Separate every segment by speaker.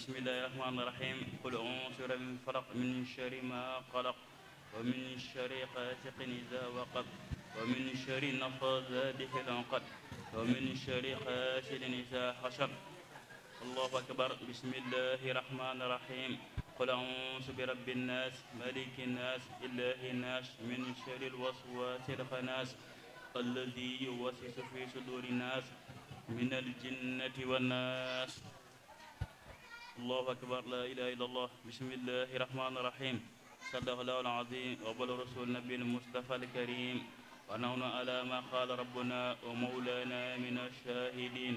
Speaker 1: بسم الله الرحمن الرحيم قل أنصر من فرق من شر ما قلق ومن شر قاتق إذا وقب ومن شر النفاذات في العقد ومن شر خاسر إذا حشر الله أكبر بسم الله الرحمن الرحيم قل أعوذ برب الناس ملك الناس إله الناس من شر الوسواس الخناس الذي يوسوس في صدور الناس من الجنة والناس الله أكبر لا إله إلا الله بسم الله الرحمن الرحيم صدق الله العظيم وبلغ رسول النبي المصطفى الكريم ونحن على ما قال ربنا ومولانا من الشاهدين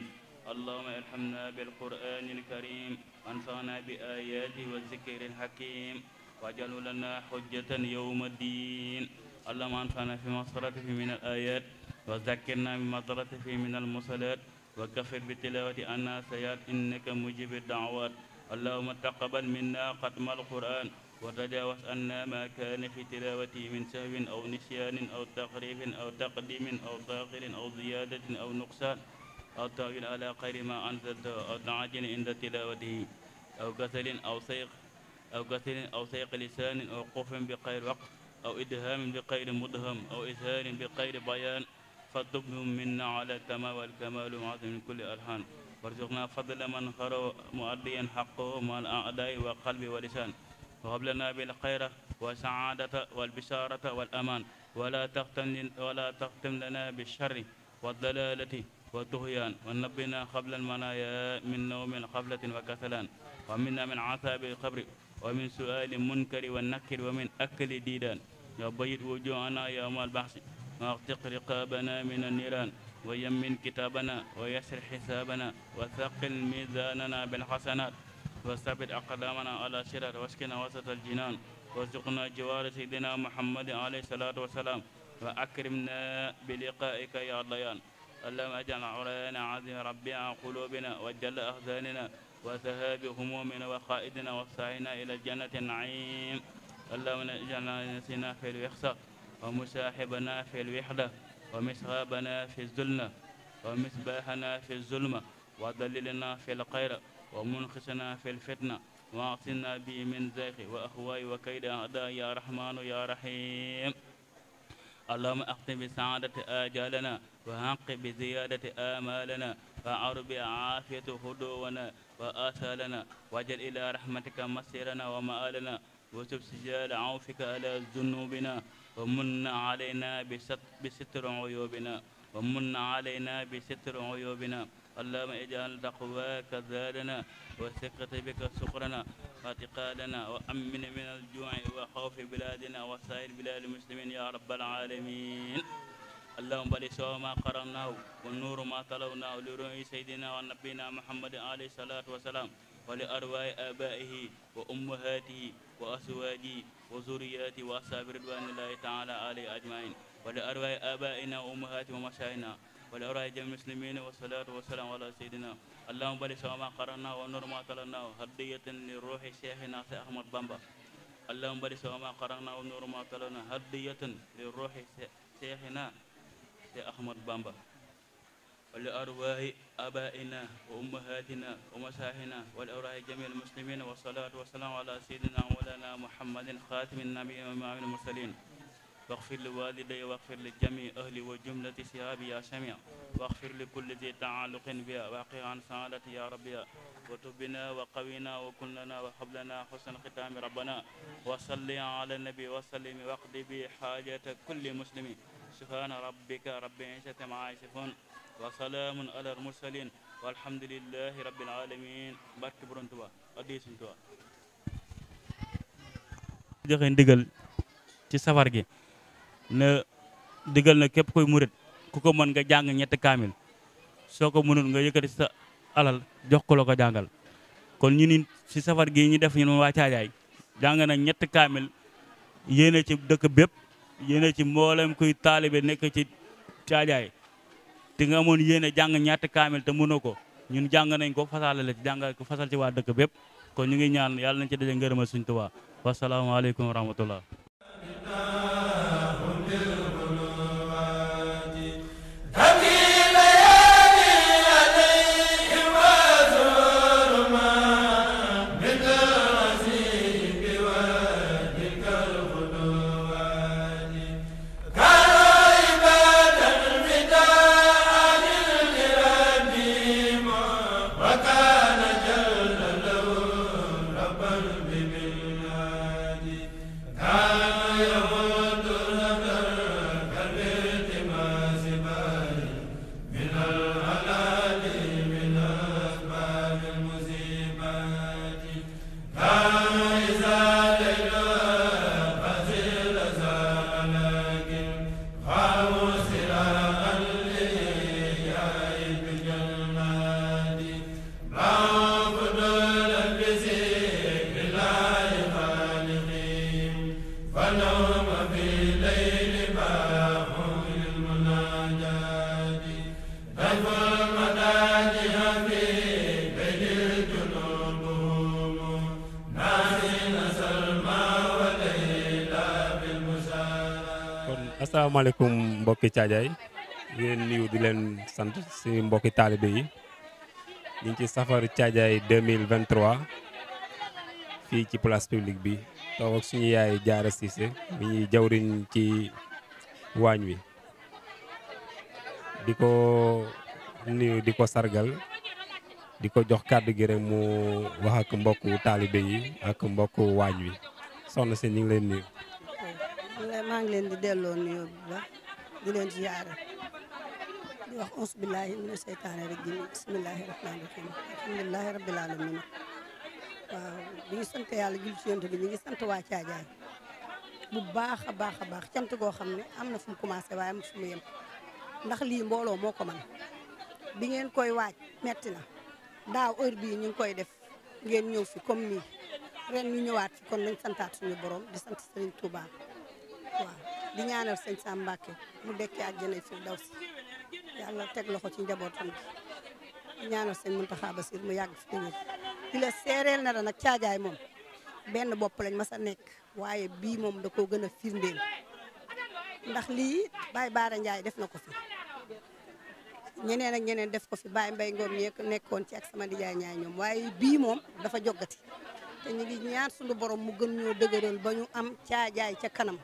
Speaker 1: اللهم ارحمنا بالقرآن الكريم وانفعنا بآياته والذكر الحكيم واجعلوا لنا حجة يوم الدين اللهم انفعنا فيما صرفه من الآيات وذكرنا بما صرفه من المصلات وكفر بتلاوة أنا سيئات إنك مجيب الدعوات اللهم تقبل منا ختم القرآن وتجاوز عنا ما كان في تلاوته من سهو أو نسيان أو تقريب أو تقديم أو تاخر أو زيادة أو نقصان أو تأويل على خير ما أنزلته أو تعجل عند تلاوته أو كسل أو سيق أو كسل أو سيق لسان أو قف بغير وقت أو إدهام بغير مدهم أو إسهال بغير بيان فاطلبهم منا على كما والكمال معظم من كل ألحان وارزقنا فضل من خر مؤديا حقه مع الأعداء وقلب ولسان وهب لنا بالخير والسعادة والبشارة والأمان ولا تختم ولا تختم لنا بالشر والضلالة والطغيان ونبنا قبل المنايا من نوم قبلة وكسلان ومنا من عذاب القبر ومن سؤال منكر والنكر ومن أكل ديدان يبيض وجوهنا يوم البحث واغتق رقابنا من النيران ويمن كتابنا ويسر حسابنا وثقل ميزاننا بالحسنات وثبت أقدامنا على شرر واسكن وسط الجنان وارزقنا جوار سيدنا محمد عليه الصلاة والسلام وأكرمنا بلقائك يا الليان اللهم اجعل عريانا عظيم ربيع قلوبنا وجل احزاننا وذهاب همومنا وقائدنا وسعينا إلى الجنة النعيم اللهم اجعلنا نسينا في الوحدة ومساحبنا في الوحدة ومسغابنا في الزلنا ومسباحنا في الظلمة ودللنا في القير ومنخسنا في الفتنة واعطنا بي من ذاك وأخواي وكيد أعداء يا رحمن يا رحيم اللهم أختم بسعادة آجالنا وحق بزيادة آمالنا فعرب عافية هدونا وآثالنا وجل إلى رحمتك مسيرنا ومآلنا وسب سجال عوفك على ذنوبنا ومن علينا بستر عيوبنا ومن علينا بستر عيوبنا اللهم اجعل تقواك زادنا وثقة بك سكرنا واعتقادنا وأمن من الجوع وخوف بلادنا وسائر بلاد المسلمين يا رب العالمين اللهم بارك سوى ما قرناه والنور ما تلوناه لرؤي سيدنا ونبينا محمد عليه الصلاة والسلام ولأرواح آبائه وأمهاته وأزواجه وذرياته وأصحاب رضوان الله تعالى عليه أجمعين ولأرواح آبائنا وامهات ومشايخنا ولأرواح جميع المسلمين والصلاة والسلام على سيدنا اللهم بارك ما قرأنا ونور ما تلنا هدية لروح شيخنا أحمد بامبا اللهم بارك ما قرأنا ونور ما تلنا هدية لروح شيخنا أحمد بامبا ولأرواح آبائنا وأمهاتنا ومشايخنا ولأرواح جميع المسلمين والصلاة والسلام على سيدنا مولانا محمد خاتم النبي وإمام المرسلين واغفر لوالدي واغفر لجميع أهلي وجملة شهابي يا سميع واغفر لكل ذي تعلق بها واقع عن سعادتي يا ربي وتبنا وقوينا وكلنا وحبلنا حسن ختام ربنا وصلي على النبي وسلم واقضي به حاجة كل مسلم سبحان ربك رب العزة عما يصفون wassalaamun alal mursalin walhamdulillahi rabbil alamin barke borom Tuubaa addi Sëriñ Tuubaa joxe ndigal ci safar gi ne digal na képp koy murit ku ko mën nga jàng ñetti kaamil soo ko mënul nga yëkkati sa alal jox ko la kon ñu ni ci safar gi waa Caajaay jàng na ñetti kaamil yéene ci dëkk bépp yéene ci mboolem kuy taalibe nekk ci Caajaay te nga amoon yéene jàng ñaati ta te mënoo ko ñun jàng nañ ko fasaale la ci ko fasal ci waa dëkk bépp kon ñu ngi ñaan yàlla nañ ci daje ngërëmal suñ Tuubaa wasalaamaaleykum wa rahmatullah
Speaker 2: Alaikum mbokki tiajay di niou di len sante ci mbokki talibé yi ñi ci safar tiajay 2023 fi ci place publique bi taw ak suñu yaay Jaara cissé mi ñi jawriñ ci wañ wi di ko diko sargal diko ko jox cadeau gi rek mu wax ak mbokku talibé yi ak mbokku wañ wi sonna ci ñu ngi
Speaker 3: ngi leen di delloo nuyoo bu baax di leen ziyaara di wax ons billahi mina seytaane rajim bismillahi rahmaani rahim alhamdulilahi rabbil alamin waaw bi ngi sant yàlla jul ci yonte bi ñu ngi sant waa Caajaay bu baax a baax a baax cant goo xam ne am na fu mu commencé waaye am fu mu yem ndax lii mbooloo moo ko man bi ngeen koy waaj metti na daaw heure bii ñu ngi koy def ngeen ñëw fi comme nii ren ñu ñëwaat fi kon nañ santaat suñu borom di sant Serigne Touba di ñaanal sëñ Sam Mbacke mu dekkee àjjana firdawsi yàlla teg loxo ci njabootam bi ñaanal sëñ Mountakha Bassir mu yàgg fi ñëw di la seereel na la nag caajaay moom benn bopp lañ mas a nekk waaye bii moom da koo gën a firndeel ndax lii Baye Baara Ndiaye def na ko fi ñeneen ak ñeneen def ko fi Baye Mbaye Ngom ñeek nekkoon ci ak sama nijaay ñaay ñoom bii moom dafa joggati te ñu ngi ñaan suñu borom mu gën ñoo dëgëral ba ñu am caajaay ca kanam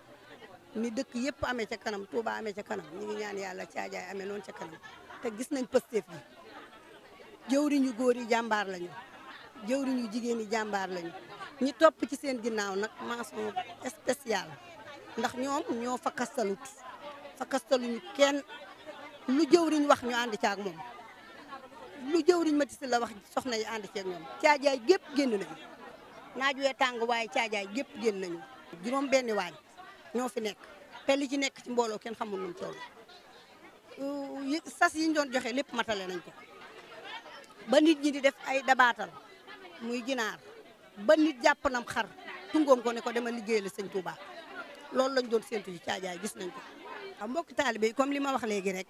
Speaker 3: ni dëkk yëpp amee ca kanam Touba amee ca kanam ñu ngi ñaan yàlla caajaay amee noonu ca kanam te gis nañ pësteef gi jëwriñu góor yi jàmbaar lañu jëwriñu jigéen yi jàmbaar lañu ñi topp ci seen ginnaaw nag mention spéciale ndax ñoom ñoo fa kastalut fa kastaluñu kenn lu jëwriñ wax ñu ànd caag moom lu jëwriñ ma tisi la wax soxna yi ànd ceeg ñoom caajaay gépp génn nañu naaj wee tàng waaye caajaay gépp génn nañu juróom benni waañ ñoo fi nekk te li ci nekk ci mbooloo kenn xamul nu mu sas yi ñu doon joxe lépp matale nañ ko ba nit ñi di def ay dabaatal muy jinaar ba nit jàpp nam xar tungoon ko ne ko dama liggéey la sëñ Touba loolu lañ doon séntu ci caajaay gis nañ ko am mbokki taalibe yi comme li ma wax léegi rek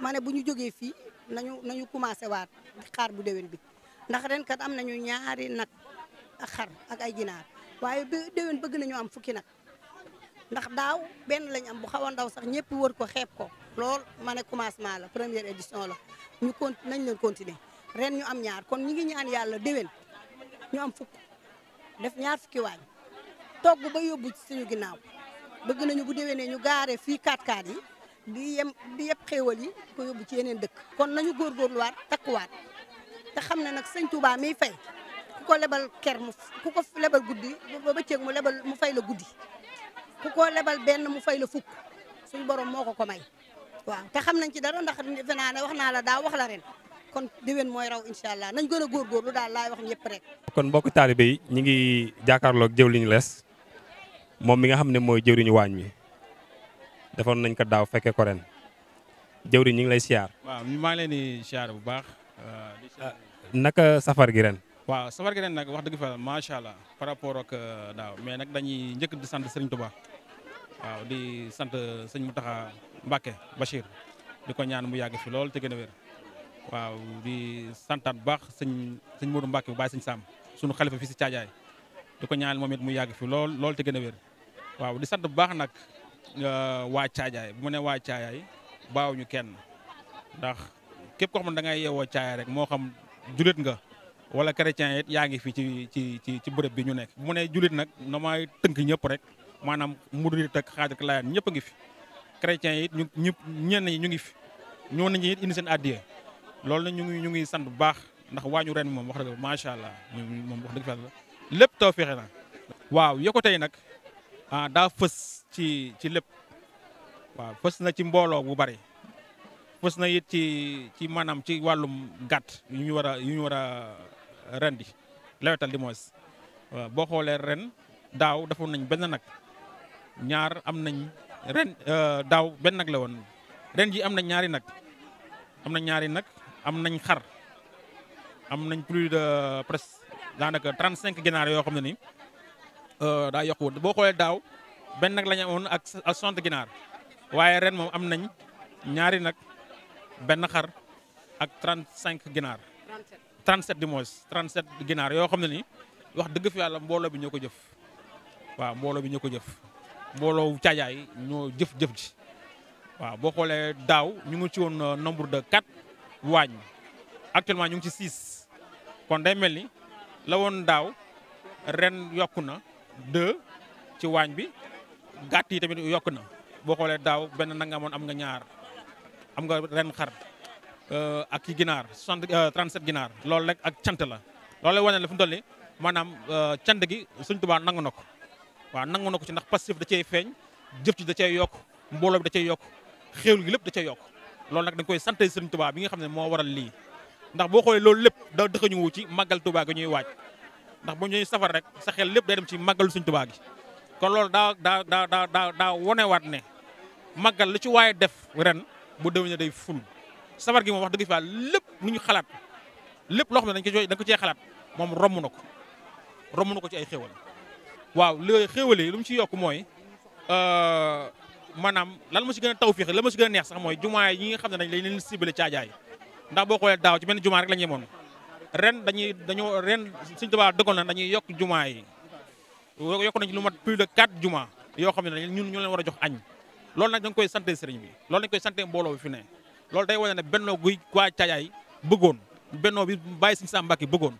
Speaker 3: ma bu ñu jógee fii nañu nañu commencé waat xaar bu déwén bi ndax ren kat am nañu ñaari nag ak xar ak ay jinaar waaye déwén bëgg nañu am fukki nag ndax daaw benn lañ am bu xaw a ndaw sax ñëpp wër ko xeeb ko lool ma ne commencement la première édition la ñu con nañ leen continuer ren ñu am ñaar kon ñu ngi ñaan yàlla déwén ñu am fukk def ñaar fukki waañ togg ba yóbbu ci suñu ginnaaw bëgg nañu bu déwénee ñu gaaree fii 4 x yi di yem di yëpp xéewal yi ko yóbbu ci yeneen dëkk kon nañu góorgóorluwaat takkuwaat te xam ne nag sëñ Touba mii fay ku ko lebal ker mu ku ko guddi ba bëccëg mu lebal mu fay la guddi ku ko lebal benn mu fay la fukk suñ borom moo ko ko may waaw te xam nañ ci dara ndax defe naa ne wax naa la daa wax la ren kon déwén mooy raw incha allah nañ góor góor góorgóorlu daal laay wax ñëpp rek.
Speaker 2: kon mbokk taalibe yi ñu ngi jàkkaarloog jëwriñu lees moom mi nga xam ne mooy jëwriñu waañ mi defoon nañ ko daaw fekkee ko ren jëwriñ ñu ngi lay siyaar.
Speaker 4: waaw maa ngi leen di bu baax. Euh, ah,
Speaker 2: naka safar gi ren.
Speaker 4: waaw safar gi nak nag wax dëgg fa macha allah par rapport ak euh, daaw mais nag dañuy di sante Serigne Touba waaw di sant euh, sëñ Mountakha Mbacké Bachir di konya ñaan mu yàgg fi lol te waaw di sante bu baax sëñ sëñ Modou Mbacké bu Sam sunu xalifa fi si di konya ñaan mami it mu yàgg fi lol lol te waaw di sante bu nak wah euh, waa Caajaay bu ma wa waa Caajaay baawuñu kenn ndax képp koo xam ne da ngay yeewoo Caajaay rek moo xam wala chrétien it yaa ngi fi ci ci ci ci bërëb bi ñu nekk mu ne julit nag na may tënk ñëpp rek maanaam murid ak xaadir ak laayaan ñëpp a ngi fi chrétien yit ñu ñëpp ñenn ñi ñu ngi fi ñoo nañu it indi seen addiya loolu nag ñu ngi ñu ngi sant bu baax ndax waañu ren moom wax dëgg macha allah moom wax dëgg la lépp taw fexe na waaw yokkute yi nag ah daa fës ci ci lépp waaw fës na ci mbooloo bu bari fës na it ci ci maanaam ci wàllum gàtt yu ñu war a yu ñu war a ren di lewetal di mois boo xoolee ren daaw defoon nañ benn nag ñaar am nañ ren euh, daaw benn nag la woon ren ji am na ñaari nag am nañ ñaari nag am nañ xar am nañ plus de presque daanaka trente cinq ginaar yoo xam ne ni euh, daa yokk woon boo xoolee daaw benn nag la ñu amoon ak ak ginaar waaye ren moom am nañ ñaari nag benn xar ak trente cinq ginaar 37 du moins 37 ginaar yoo xam ne ni wax dëgg fi yàlla mbooloo bi ñoo ko jëf mbooloo bi ñoo ko jëf mbooloo caajaay ñoo jëf-jëf ji waaw boo xoolee daaw ñu ngi ci woon euh, nombre de 4 waañ actuellement ñu ngi ci 6 kon day mel ni la woon daaw ren yokk na 2 ci waañ bi gàtt yi tamit yokk na boo xoolee daaw benn nanga amoon am nga ñaar am nga ren xar Euh, ak i ginaar soixante 37 euh, ginaar loolu rek ak cant la loolu lay wane la fu mu toll nii maanaam euh, cant gi Sëñ Tuubaa nangu na ko waaw nangu na ko ci ndax passif da cey feeñ jëf ci da cey yokk mbooloo bi da cey yokk xéewal gi lépp da cey yokk loolu nag dañ koy sant Sëñ Tuubaa bi nga xam ne moo waral lii ndax boo xoolee loolu lépp da dëxañu wu ci màggal Tuubaa gi ñuy waaj ndax bu ñuy safar rek sa xel lépp day dem ci màggalu Sëñ Tuubaa gi kon loolu daa daa daa daa daa wonewaat ne màggal lu ci waaye def ren bu déwénee day ful safar gi moom wax dëgg fa lépp lu ñu xalaat lép loo xam ne dañ ko dañ ko cee xalaat moom romb na ko romb na ko ci ay xéwal waaw li xéwal yi lu mu ci yokk mooy euh, maanaam lan ma si gën a taw fiixe la ma si gën a neex sax mooy jumaa yi nga xam ne dañ lañ leen ciblé caajaay ndax boo xoolee daaw ci benn jumaa rek la ñu yemoon ren dañuy dañoo ren suñ tubaab dëggoon na dañuy yokk jumaa yi yokk nañ ci lu mat plus de 4 jumaa yoo xam ne dañ ñun ñu leen war a jox añ loolu nag dañ koy sant sëriñ bi loolu dañ koy sant fi ne loolu day wane ne bennoo guy waa Caajaay bëggoon bennoo bi bàyyi Sëñ Sam Mbàkke bëggoon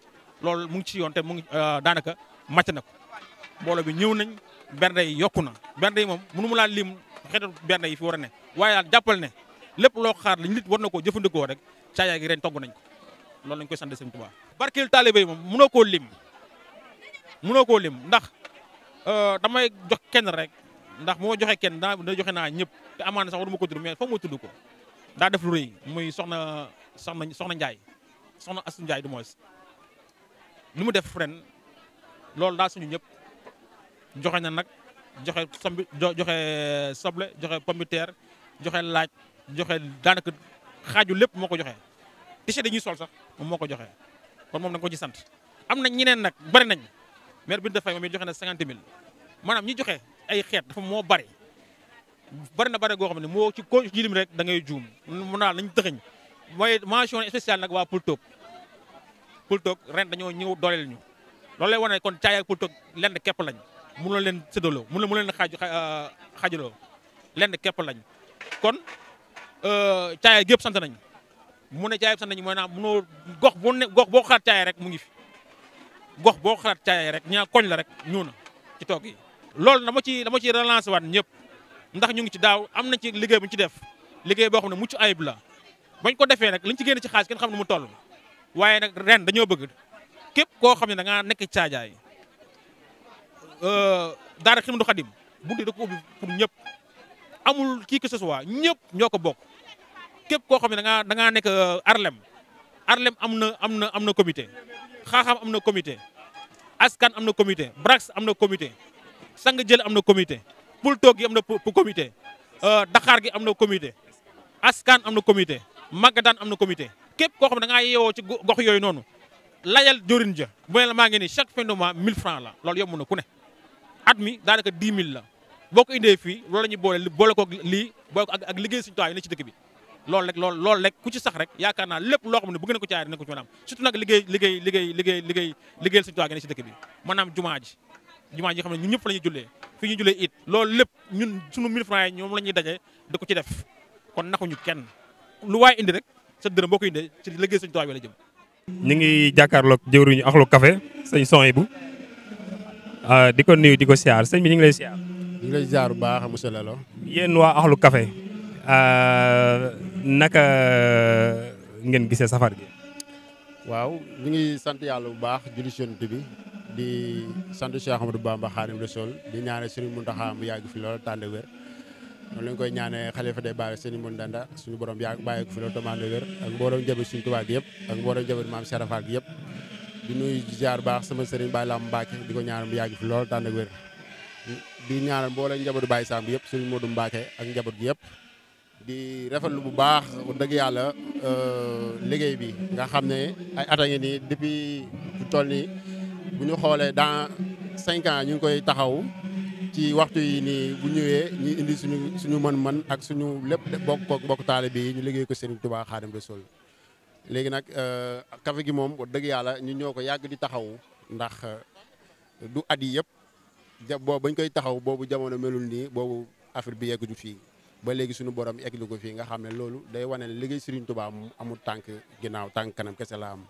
Speaker 4: loolu mu ngi ci yoon te mu ngi euh, daanaka màcc na ko mboolo bi ñëw nañ benn yi yokku na benn yi moom mënu mu laa lim xeetu benn yi fi war a ne waaye daal jàppal ne lépp loo xaar li nit war na koo jëfandikoo rek Caajaay gi ren togg nañ ko loolu lañ koy sant Sëñ Tuubaa barkeel taalibe yi moom mënoo koo lim mënoo koo lim ndax euh, damay jox kenn rek ndax moo ma joxee kenn daa joxe naa ñëpp te amaana sax waruma ko tudd mais foog ma ko daa def lu rëy muy soxna soxna soxna Ndiaye soxna Asou Ndiaye du moins li mu def ren loolu daal suñu ñëpp joxe na nag joxe sombi joxe soble joxe pomme de terre laaj joxe daanaka xaaju lépp moo ko joxe t-shirt dañuy sol sax moom moo ko joxe kon moom da nga ko ci sant. am na ñeneen nag bari nañ maire bi dafay moom it joxe na cinquante mille maanaam ñi joxe ay xeet dafa moo bari. bari na bari goo xam ne moo ci ko ci lim rek da ngay juum mu naa lañ tëxëñ mooy mention spéciale nag waa Pultoog toog ren dañoo ñëw dooleel ñu loolu lay wane kon caay ak Pultoog lenn képp lañ mënoo leen séddaloo mënoo mënoo leen xaaj xaajaloo euh, lenn képp lañ kon euh, caay gépp sant nañ mu ne caay sant nañ mooy naa mënoo gox boo gox boo xalaat caay rek mu ngi fi gox boo xalaat caay rek ñaa koñ la rek ñëw na ci toog yi loolu dama ci dama ci relancer waat ñëpp ndax ñu ngi ci daaw am na ci liggéey bu ñu ci def liggéey boo xam ne mucc ayib la bañ ko defee nag liñ ci génn ci xaalis kenn xam ne mu toll waaye nag ren dañoo bëgg képp koo xam ne da ngaa nekk caajaay euh, daara Xidmatul Xadim buntu da ko ubbi pour ñëpp amul kii ki ce ñëpp ñoo ko bokk képp koo xam ne da ngaa nekk euh, Arlem Arlem am na am na am na comité xaaxam am na comité askan am na comité brax am na comité sang jël am na comité Pultoog gi am na comité euh, Dakar gi am na comité Askan am na comité Magadan am na comité képp koo xam ne da ngaa yeewoo ci gox yooyu noonu layal jorin ja bu ne la maa ngi nii chaque fin de mois francs la lool yomb na ku ne at mi daanaka 10 000 la boo ko indee fii lool la ñuy boole boole lii boole ko ak liggéey suñu toit yi ne ci dëkk bi loolu rek loolu loolu rek ku ci sax rek yaakaar naa lépp loo xam ne bëgg na ko caari na ko ci mën a am surtout nag liggéey liggéey liggéey ne ci jumaa ji xam ne ñun ñëpp la ñuy jullee fii ñu jullee it loolu lépp ñun sunu 1000 francs yi ñoom la ñuy daje da ko ci def kon naxuñu kenn lu waaye indi rek sa dërëm boo ko indee ci liggéey sëñ Tuubaa bi la jëm
Speaker 2: ñu ngi jàkkaarloog jëwriñu Ahlou Café sëñ son yi bu ah, di ko nuyu di ko siyaar sëñ bi ñu ngi lay siyaar
Speaker 5: lay siyaar bu baax monsieur Lalo
Speaker 2: yéen waa Ahlou Café ah, naka ngeen gise safar gi
Speaker 5: waaw ñu ngi sant yàlla bu baax julli Yonent bi di sant Cheikh Ahmadou Bamba Xaadimu Rasuul di ñaane Serigne Mountakha mu yàgg fi lool tànn wér noonu lañ koy ñaane fa day bàyyi Serigne Mountakha Danda suñu borom yàgg bàyyi ko fi lool tànn wér ak mboolem jabar suñu Tuubaa gi yëpp ak mboolem jabar maam Cheikh Rafal gi di nuyu ziar baax sama sëriñ Baye Lam Mbacke di ko ñaanal mu yàgg fi lool tànn wér di ñaanal mboolem njabootu Baye Sam bi yëpp Serigne Modou Mbacke bu baax dëgg yàlla euh, liggéey bi nga xam ne ay at a ngi nii depuis toll nii bu ñu xoolee dans cinq ñu ngi koy taxaw ci waxtu yi nii bu ñëwee ñu indi suñu suñu man mën ak suñu lépp bokk kook bokk taalibe yi ñu liggéey ko Serigne Touba Xaadimu Rasuul léegi nag euh, café gi moom dëgg yàlla ñu ñoo ko yàgg di taxaw ndax euh, du at yi yëpp ja boobu bañ koy taxaw boobu jamono melul nii boobu affaire bi yegguñu fii ba léegi suñu borom yegg ko fii nga xam ne loolu day wane ne liggéey Serigne Touba amul tànk ginnaaw tànk kanam kese la am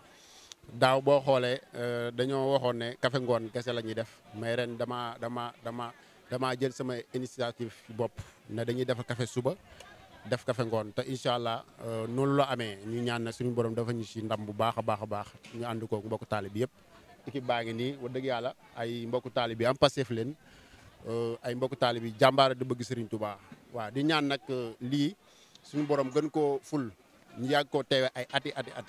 Speaker 5: daaw boo xoolee euh, dañoo waxoon ne kafe ngoon kese la ñuy def mais ren dama dama dama dama jël sama initiative bopp ne dañuy defar kafe suba def café ngoon te incha allah euh, noonu la amee ñu ñaan na suñu borom dafa ñu si ndam bu baax a baax a baax ñu ànd koog mbokku taalibe yëpp. équipe baa ngi nii wax dëgg yàlla ay mbokku taalibe yi am passef leen euh, ay mbokku taalibe yi jàmbaara di bëgg Serigne baax waaw di ñaan nag lii suñu borom gën koo ful ñu yàgg koo teewee ay ati ati at.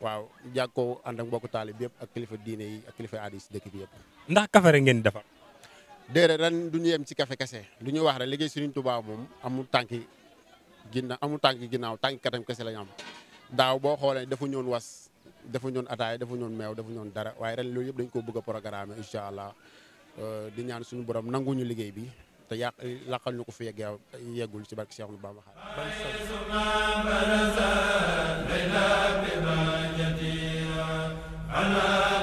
Speaker 5: waaw jàg ko ànd ak mbokku taalib yëpp ak kilifa diine yi ak kilifa aada yi si dëkk bi yëpp
Speaker 2: ndax kafe rek ngeen defar
Speaker 5: déedéet ran du ñu yem ci kafe kese lu ñu wax rek liggéey Sëriñ Tuubaa moom amul tànki ginnaaw amul tànki ginnaaw tànki katam kese la ñu am daaw boo xoolee dafa ñoon was dafa ñoon ataay dafa ñoon meew dafa ñoon dara waaye ren loolu yëpp dañ ko bëgg a programme incha allah euh, di ñaan suñu borom nanguñu liggéey bi te yàq laqal ñu ko fi yegg yeggul ci barke Cheikh Bamba
Speaker 6: Allah.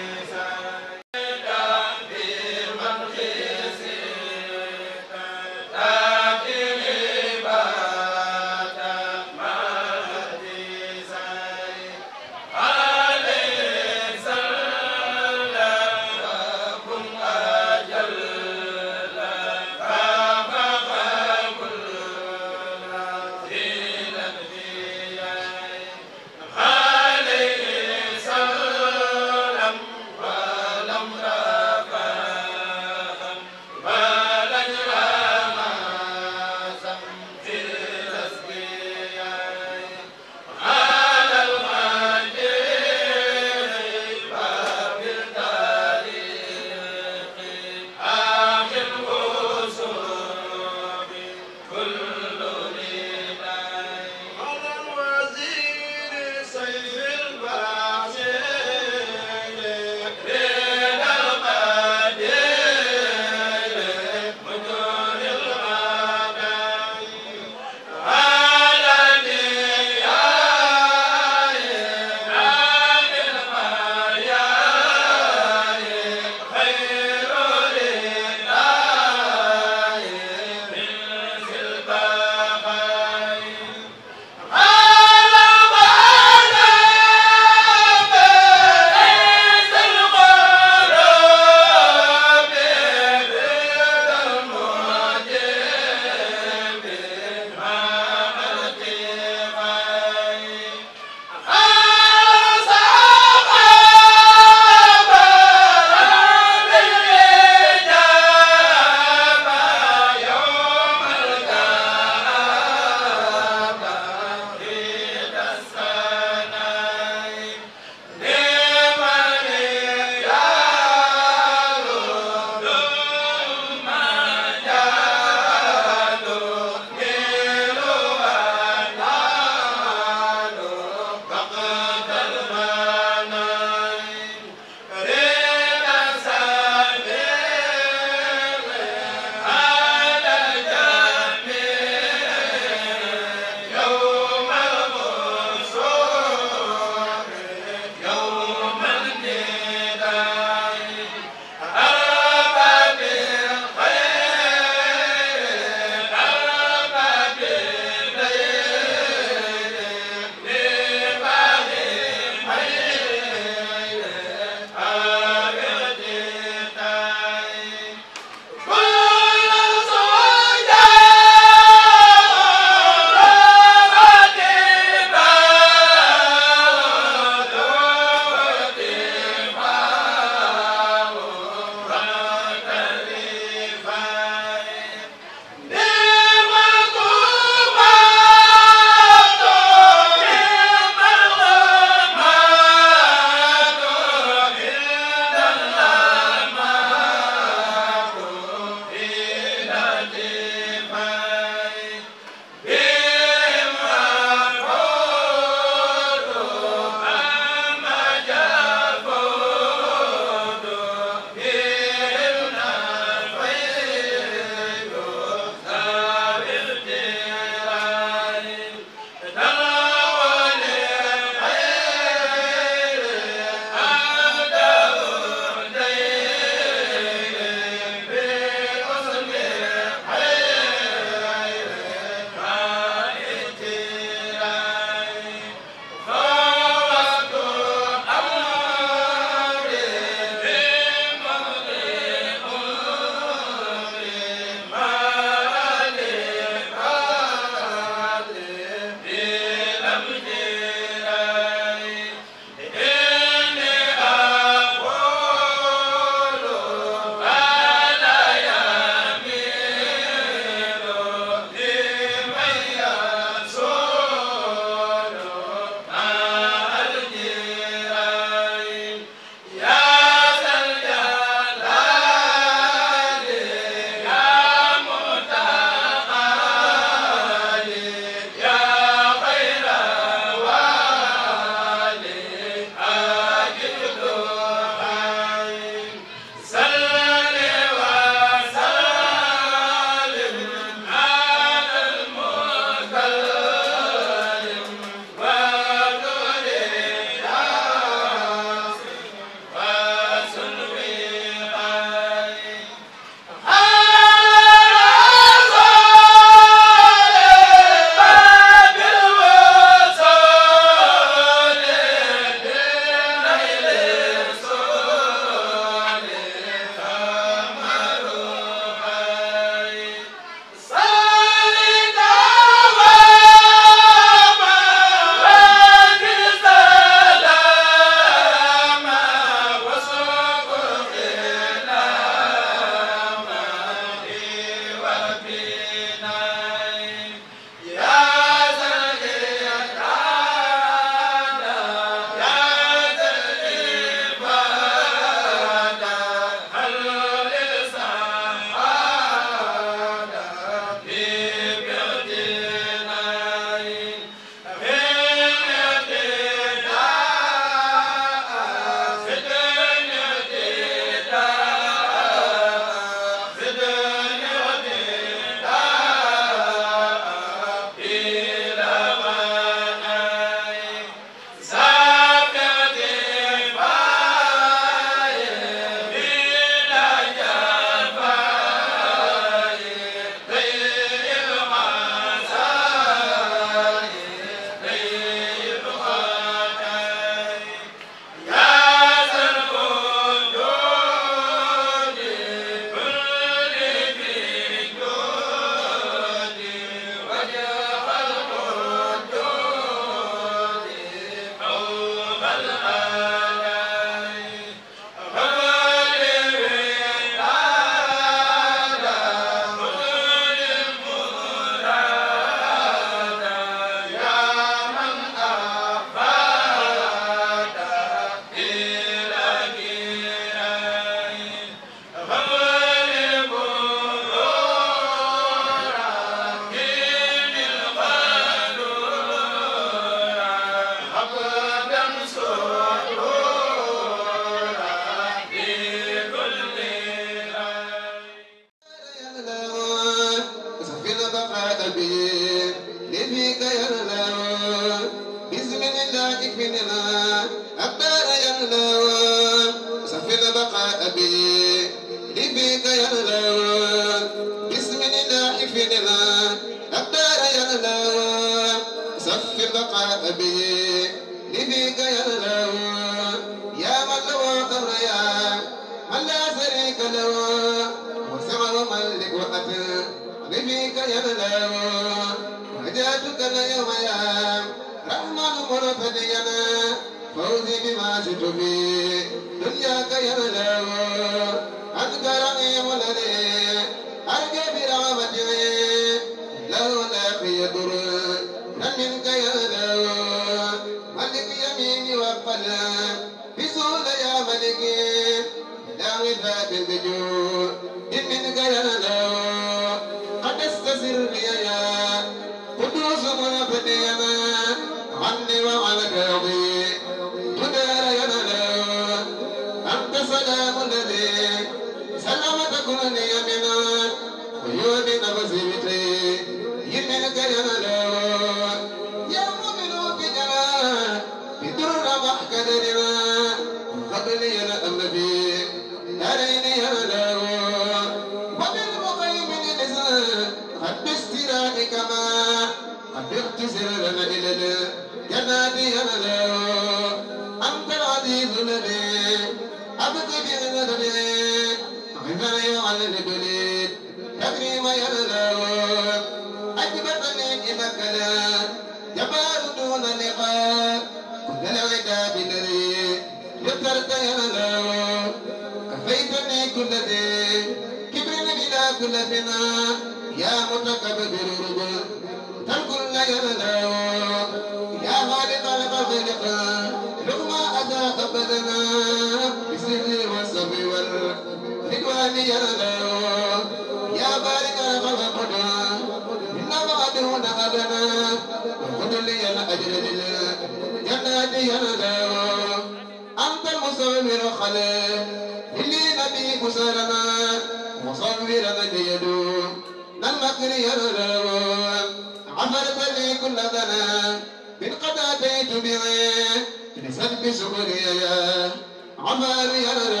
Speaker 7: الجميع لسلب سخريا عمر يرى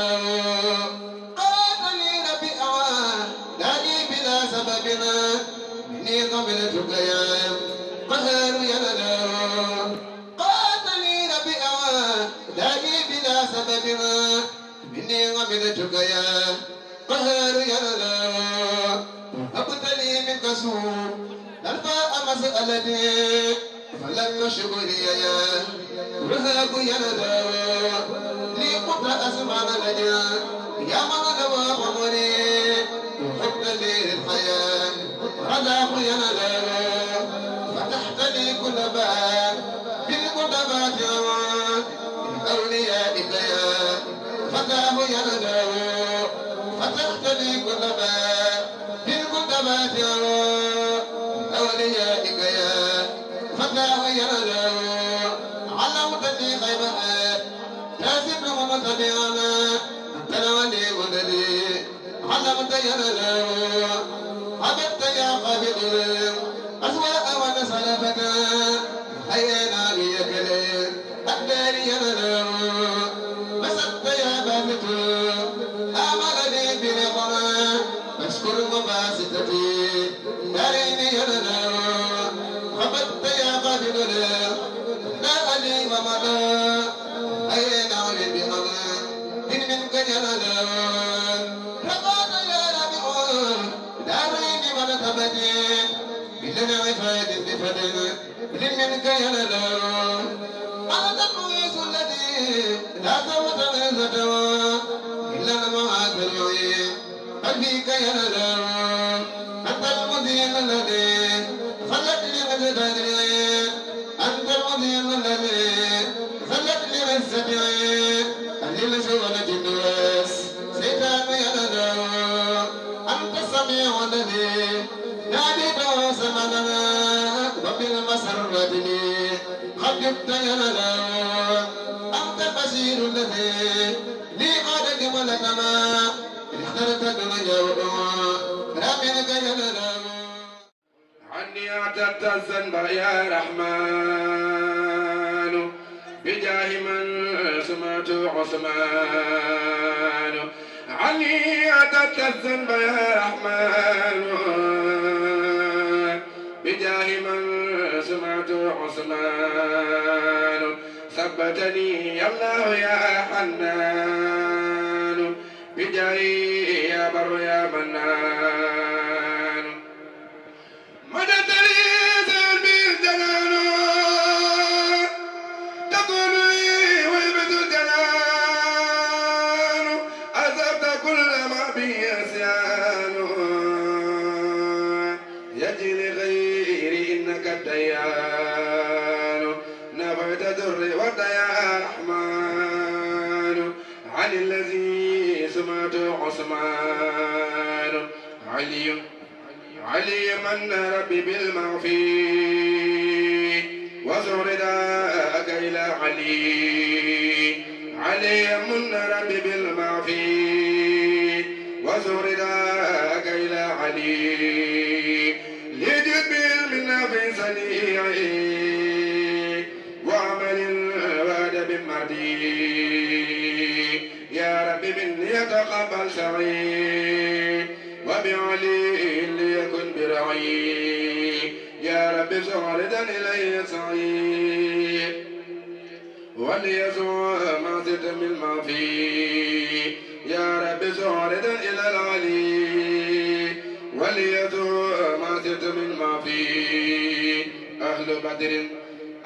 Speaker 7: قاتلين بأوان داني بلا سببنا مني قبلتك يا قهر يرى قاتلين بأوان داني بلا سببنا مني قبلتك يا قهر يرى أبتلي منك سوء نرفع مسألتي فلن شكري يا رهاب يا لي قدرة أسمع نجا يا من دوا عمري حب ليل الحياة رضاه يا أسواء ونسلفنا هيا
Speaker 8: الذنب يا رحمن بجاه من سمعت عثمان ثبتني يا الله يا حنان بجاه يا بر يا منان
Speaker 6: مدد لي ذنبي الجنان
Speaker 8: عليما ربي بالمغفي وزر رداءك إلى علي عليم ربي بالمغفي وزر رداءك إلى علي لجبل من نفس وعمل وادب مردي يا ربي من يتقبل سعيد شواردا إلي سعيد وليزوى ما زد من ما فيه يا رب شواردا إلى العلي وليزوى ما زد من ما فيه أهل بدر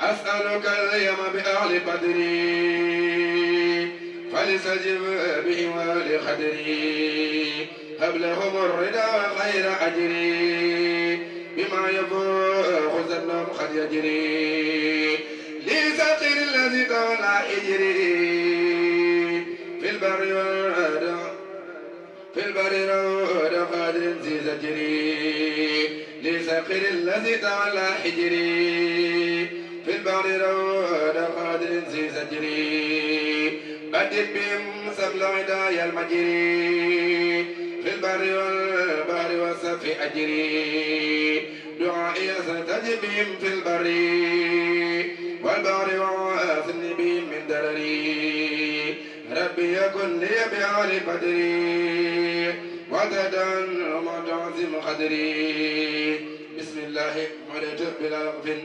Speaker 8: أسألك اليوم بأهل بدر فلسجب به ولخدري هب لهم الرضا غير أجري بما يفوق ذنب قد يجري لساقر الذي قال اجري في البر والأرض في البر روض قادر في زجري لساقر الذي قال اجري في البر روض قادر في زجري بدد بهم سبل يا المجري في البر والبر والسف أجري دعائي ستجب بيم في البر والبر وأثني بهم من درري ربي يكن لي بعال بدري وغدا وما تعظم قدري بسم الله مريت بلا غف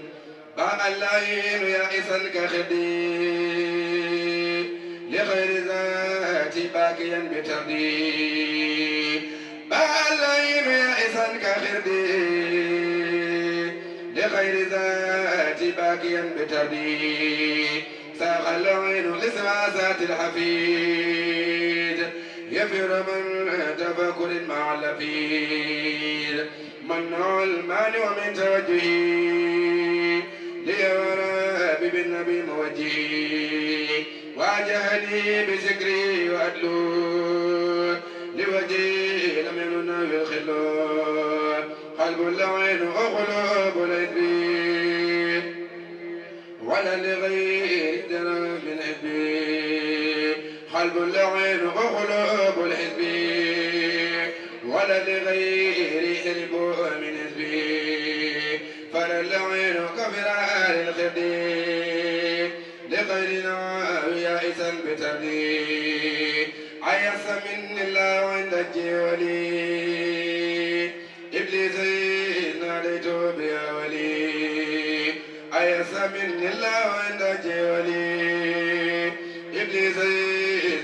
Speaker 8: باء يا يائسا كخدي لغير ذات باقيا بتردي باع الليل يائسا كخردي لغير ذات باقيا بتردي ساق العين اسمع ذات الحفيد يفر من تفكر مع اللفيد منع المال ومن توجهي ليرى بالنبي موجهي واجهني بذكري وأدلون لوجهي لم يمن في الخلون قلب اللعين وقلوب الإثمين ولا لغير درا من حزبي قلب اللعين وقلوب الحزبين ولا لغير حزب من حزبي فلا اللعين كفر آل لغيرنا فتني عيس مني الله ونجي ولي إبليس ناديته بيا ولي عيس مني الله ونجي ولي إبليس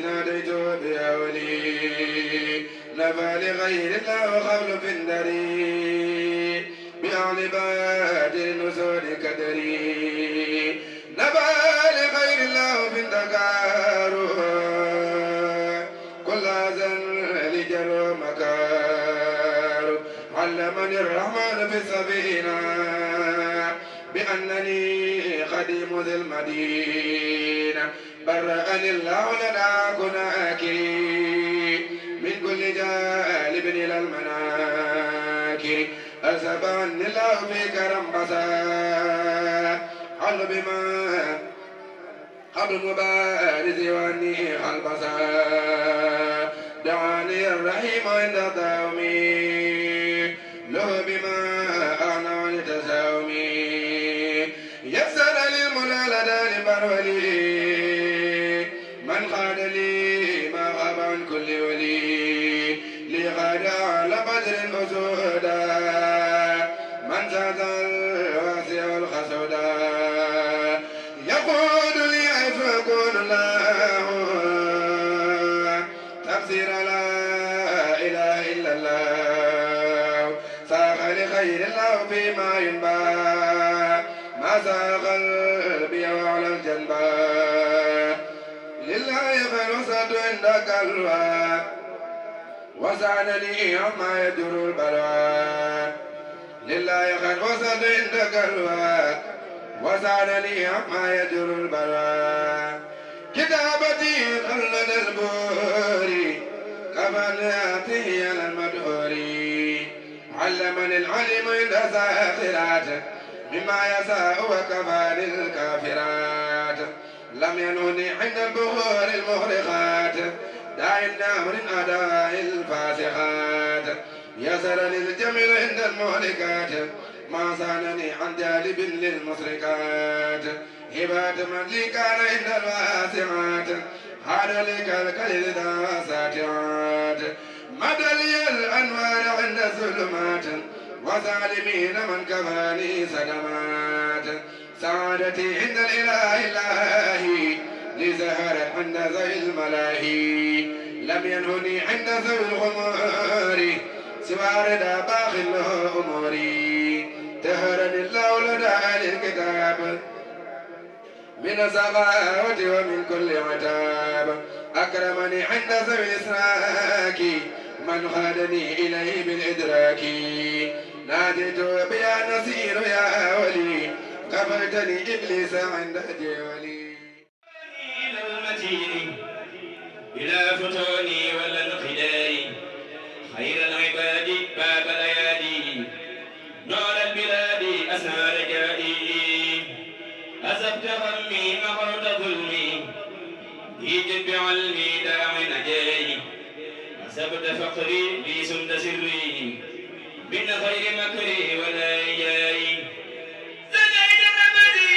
Speaker 8: ناديته بيا ولي نبى لغير الله قبل في النار بأعلى بعد نزول كدري دكارو كل ذن لجل علمني الرحمن بسبينا بأنني خديم ذي المدينة برأني الله لنا كناكي من كل جالب إلى المناكر أسبان الله في كرم بسا على بما عبد المبارز واني البصر دعاني الرحيم عند دومي وزعنا لي يوم يدور البلاء لله خير وسد عند قلبا لي يوم يدور البلاء كتابتي خلد البوري كفناته على المدهوري علمني العلم عند ساخرات مما يساء وكفى للكافرات لم ينهني عند البهور المغرقات داعي النامر أداء الفاسقات يسر للجميل عند المهلكات ما صانني عن جالب للمسرقات هبات من لي كان عند الواسعات هذا لك الكلل ذا ساتعات مدى لي الأنوار عند الظلمات وظالمين من كفاني صدمات سعادتي عند الإله الإلهي لزهرت عند ذوي الملاهي لم ينهني عند ذوي الغمار سوى رضا باغي له أموري تهرني الله لدى أهل الكتاب من الزباوت ومن كل عتاب أكرمني عند ذوي إسراك من خادني إليه بالإدراك ناديت بيا نصير يا ولي قفلتني إبليس عند جوالي
Speaker 9: إلى
Speaker 10: المتين إلى فتوني ولا انقداري خير العباد باب الأيادي نور البلاد أسهى رجائي أسبت همي أغرد ظلمي يجد بعلمي داعي نجاي أسبت فقري لي سند سري من خير مكري ولا إياي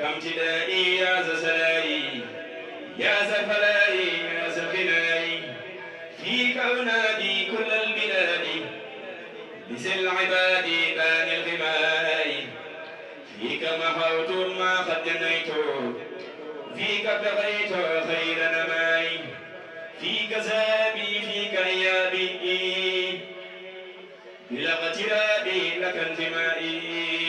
Speaker 10: أكم تدائي يا زسلائي يا زفلائي يا زغنائي فيك أنادي كل البلاد بسل عبادي بان الغماء فيك محوت ما قد جنيت فيك ابتغيت خير نماي فيك زابي فيك ايابي بلا اقترابي لك انتمائي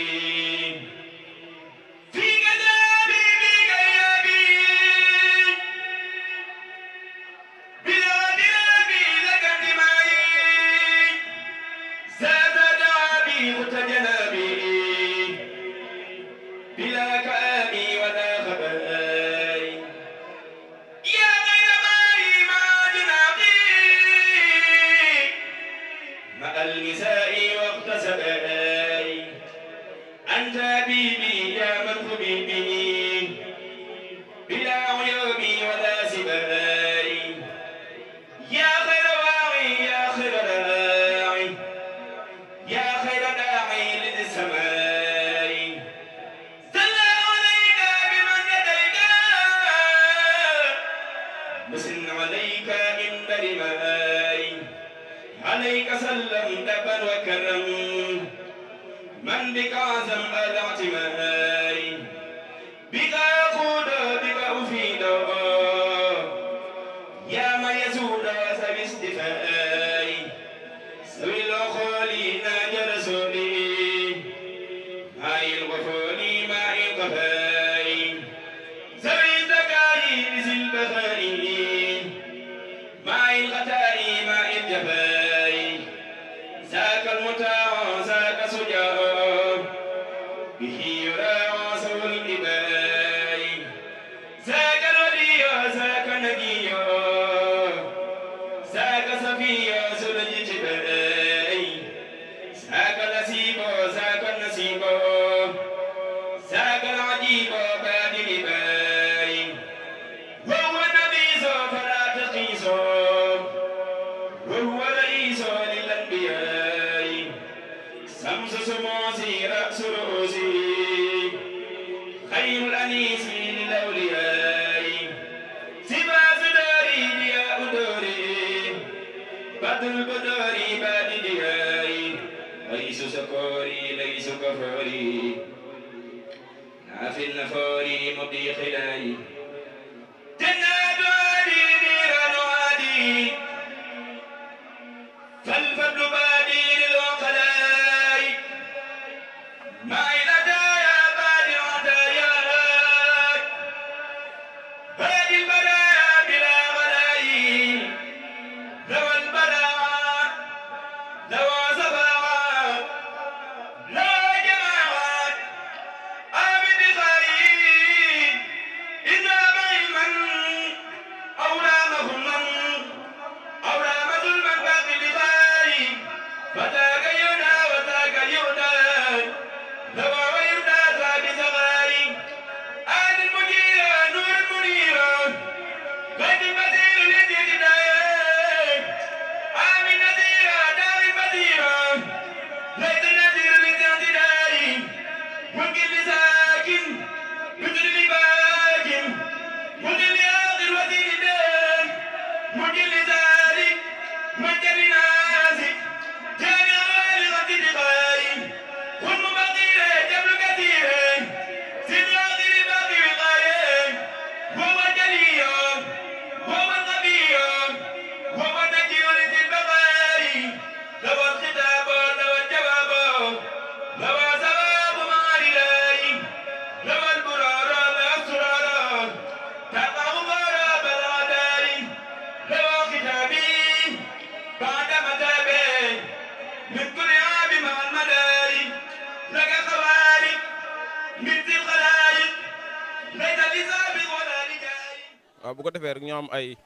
Speaker 4: ay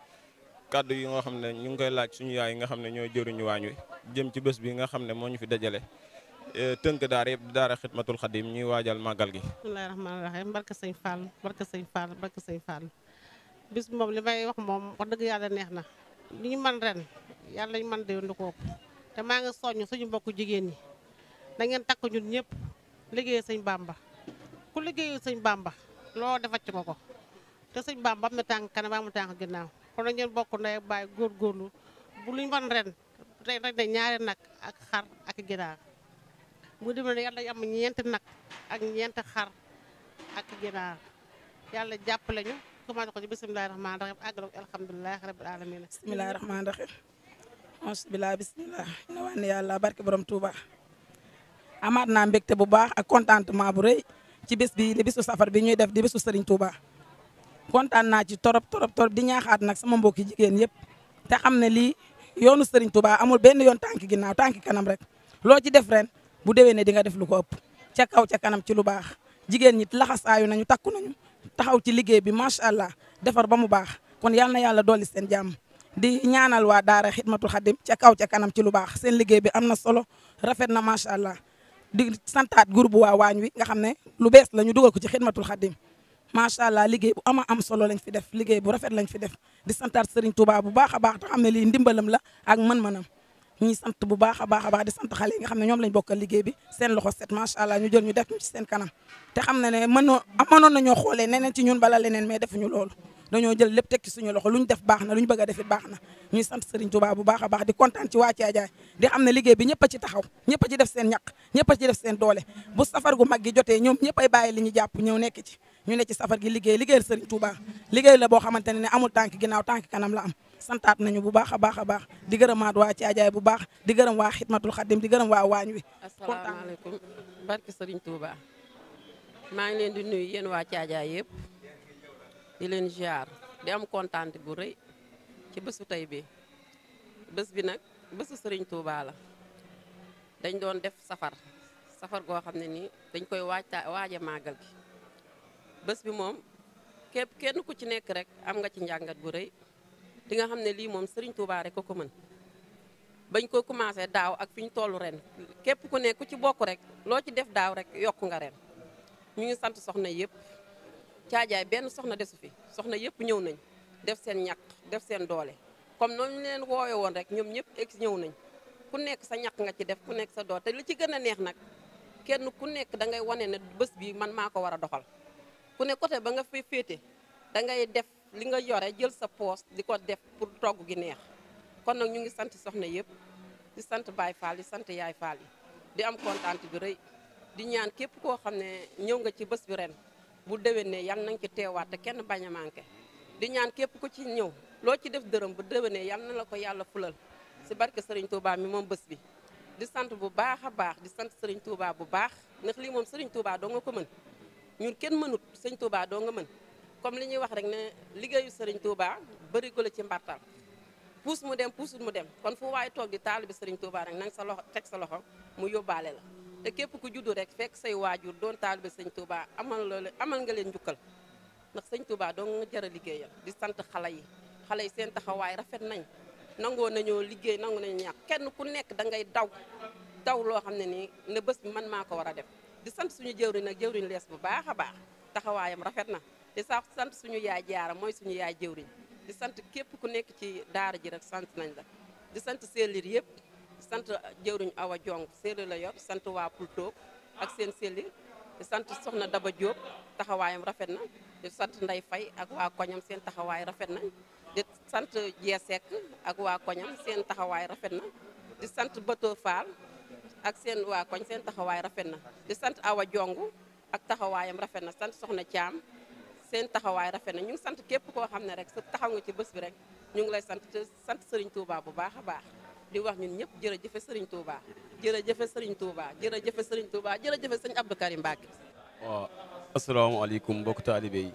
Speaker 4: kaddu yi nga xamne ñu ngi koy laaj suñu yaay nga xamne ñoy jëru ñu wañu jëm ci bëss bi nga xamne moñu fi dajalé euh teunk daar yeb daara khidmatul khadim ñi wajal magal gi.
Speaker 11: bismillahi rahmaani rahim barka seigne Fall barka seigne Fall barka seigne Fall bis mom li may wax mom wax deug yalla neexna na li ñu mën ren yalla ñu man déwén lu ko te ma nga soñu suñu mbokk jigeen ni da ngeen takku ñun ñepp liggéeyal seigne Bamba ku liggéeyal seigne Bamba lo defacc ci ko. te sëñ baam bam na tànk kanam am na tànk ginnaaw kon nag ñun bokk baay góorgóorlu bu luñ wan ren ren rek de ñaari nag ak xar ak ginaar mu demee ne yàlla am ñeenti nag ak ñeenti xar ak ginaar yàlla jàppale ñu commencé ko ci bisimilahi rahmaani rahim àggal ko alhamdulilahi rabil alamin bisimilahi rahmaani
Speaker 12: rahim ons bilaa bisimilah naa mbégte bu baax ak contentement bu rëy ci bés bi di bésu safar bi ñuy def di bésu Serigne Touba kontaan naa ci torop torop torop di ñaaxaat nag sama mbokki jigéen yëpp te xam ne lii yoonu Serigne Touba amul benn yoon tànk ginnaaw tànk kanam rek loo ci def ren bu déwénee di nga def lu ko ëpp ca kaw ca kanam ci lu baax jigéen ñi laxasaayu nañu takku nañu taxaw ci liggéey bi macha allah defar ba mu baax kon yal na yàlla dolli seen jàmm di ñaanal waa daara xidmatul xadim ca kaw ca kanam ci lu baax seen liggéey bi am na solo rafet na macha allah di santaat groupe waa waañ wi nga xam ne lu bees la ñu dugal ko ci xidmatul xadim macha allah liggéey bu ama am solo lañ fi def liggéey bu rafet lañ fi def di santaat Serigne Touba bu baax a baax te xam ne lii ndimbalam la ak mën-mënam ñuy sant bu baax a baax a baax di sant nga xam ne ñoom lañ bokkal liggéey bi seen loxo set macha allah ñu jël ñu def ci kanam te xam na ne mënoo mënoon nañoo xoolee neneen ci ñun bala leneen mais defuñu loolu dañoo jël lépp suñu loxo lu ñu baax na lu ñu bëgg a baax na ñuy sant Serigne Touba bu baax a baax di kontaan ci waa Caajaay di xam ne bi ñëpp ci taxaw ñëpp ci def seen ñaq ñëpp ci def seen doole bu safar gu mag gi jotee ñoom ñëpp ay bàyyi li ñu jàpp ñëw nekk ci ñu ne ci safar gi liggéey liggéeyal Serigne Touba liggéey la bo xamante amul tank ginaaw tank kanam la am santat nañu bu baakha baakha baax a baax di gërëmaat wa ci ajaay bu baax di gërëm wa khidmatul khadim di gërëm wa waañ wi
Speaker 11: alaykum barke Serigne Touba ma ngi leen di nuyu yeen wa ci ajaay yeb di leen ziar di am contante bu reuy ci bëssu tay bi bëss bi nak bëssu Serigne Touba la dañ doon def safar safar go xamne ni dañ koy waajta waaje gi bés bi moom képp kenn ku ci nekk rek am nga ci njàngat bu rëy di nga xam ne lii moom sëriñ Touba rek ko ko mën bañ koo commencé daaw ak fi ñu toll ren képp ku nekk ku ci bokk rek loo ci def daaw rek yokk nga ren ñu ngi sant soxna yëpp caajaay benn soxna desu fi soxna yëpp ñëw nañ def seen ñàkk def seen doole comme noonu ñu leen woowe woon rek ñoom ñëpp ex ñëw nañ ku nekk sa ñaq nga ci def ku nekk sa doole te li ci gën a neex nag kenn ku nekk da ngay wane ne bés bi man maa ko war a doxal ku ne côté ba nga fay féete da ngay def li nga yore jël sa poos di ko def pour togg gi neex kon nag ñu ngi sant soxna yëpp di sant baay Fall di sant Yaay Fall yi di am kontaan bu rëy di ñaan képp koo xam ne ñëw nga ci bës bi ren bu déwénee yal nañ ci teewaat te kenn bañ manqué di ñaan képp ku ci ñëw loo ci def dërëm bu déwénee yal na la ko yàlla fulal si barke Serigne Touba mi moom bés bi di sant bu baax a baax di sant Serigne Touba bu baax ndax lii moom Serigne Touba doo nga ko mën ñun kenn mënut sëñ Touba doo nga mën comme li ñuy wax rek ne liggéeyu sëriñ Touba bëri ko la ci mbartal puus mu dem puusul mu dem kon fu waaye toog di taalibe sëriñ Touba rek nanga sa loxo teg sa loxo mu yóbbaale la te képp ku juddu rek fekk say waajur doon taalibe sëñ Touba amal loolu amal nga leen njukkal ndax sëñ Touba doo nga jar liggéeyal di sant xale yi xale yi seen taxawaay rafet nañ nangoo nañoo liggéey nangu nañu ñàkk kenn ku nekk da ngay daw daw loo xam ne nii ne bés man maa ko war a def di sant suñu jëwriñ ak jëwriñ lees bu baax a baax taxawaayam rafet na di sant suñu yaay jaara mooy suñu yaay jëwriñ di sant képp ku nekk ci daara ji rek sant nañ la di sant seliir yëpp di sant jëwriñ awa jong séeréer la yor sant waa Pultoog ak seen séeréer di sant soxna Daba Diop taxawaayam rafet na di sant Ndey Fay ak waa koñam seen taxawaay rafet na di sant Jeesek ak waa koñam seen taxawaay rafet na sant Bato Fall ak seen waa koñ seen taxawaay rafet na di sant aw a jong ak taxawaayam rafet na sant Soxna Thiam seen taxawaay rafet na ñu ngi sant képp koo xam ne rek sa taxaw nga ci bés bi rek ñu ngi lay sant sant Serigne Touba bu baax a baax di wax ñun ñëpp jërëjëfe Serigne Touba jërëjëfe Serigne Touba sëriñ Serigne jër jërëjëfe sëñ Abdou Karim Mbacke.
Speaker 13: waaw asalaamaaleykum mbokk taalibe yi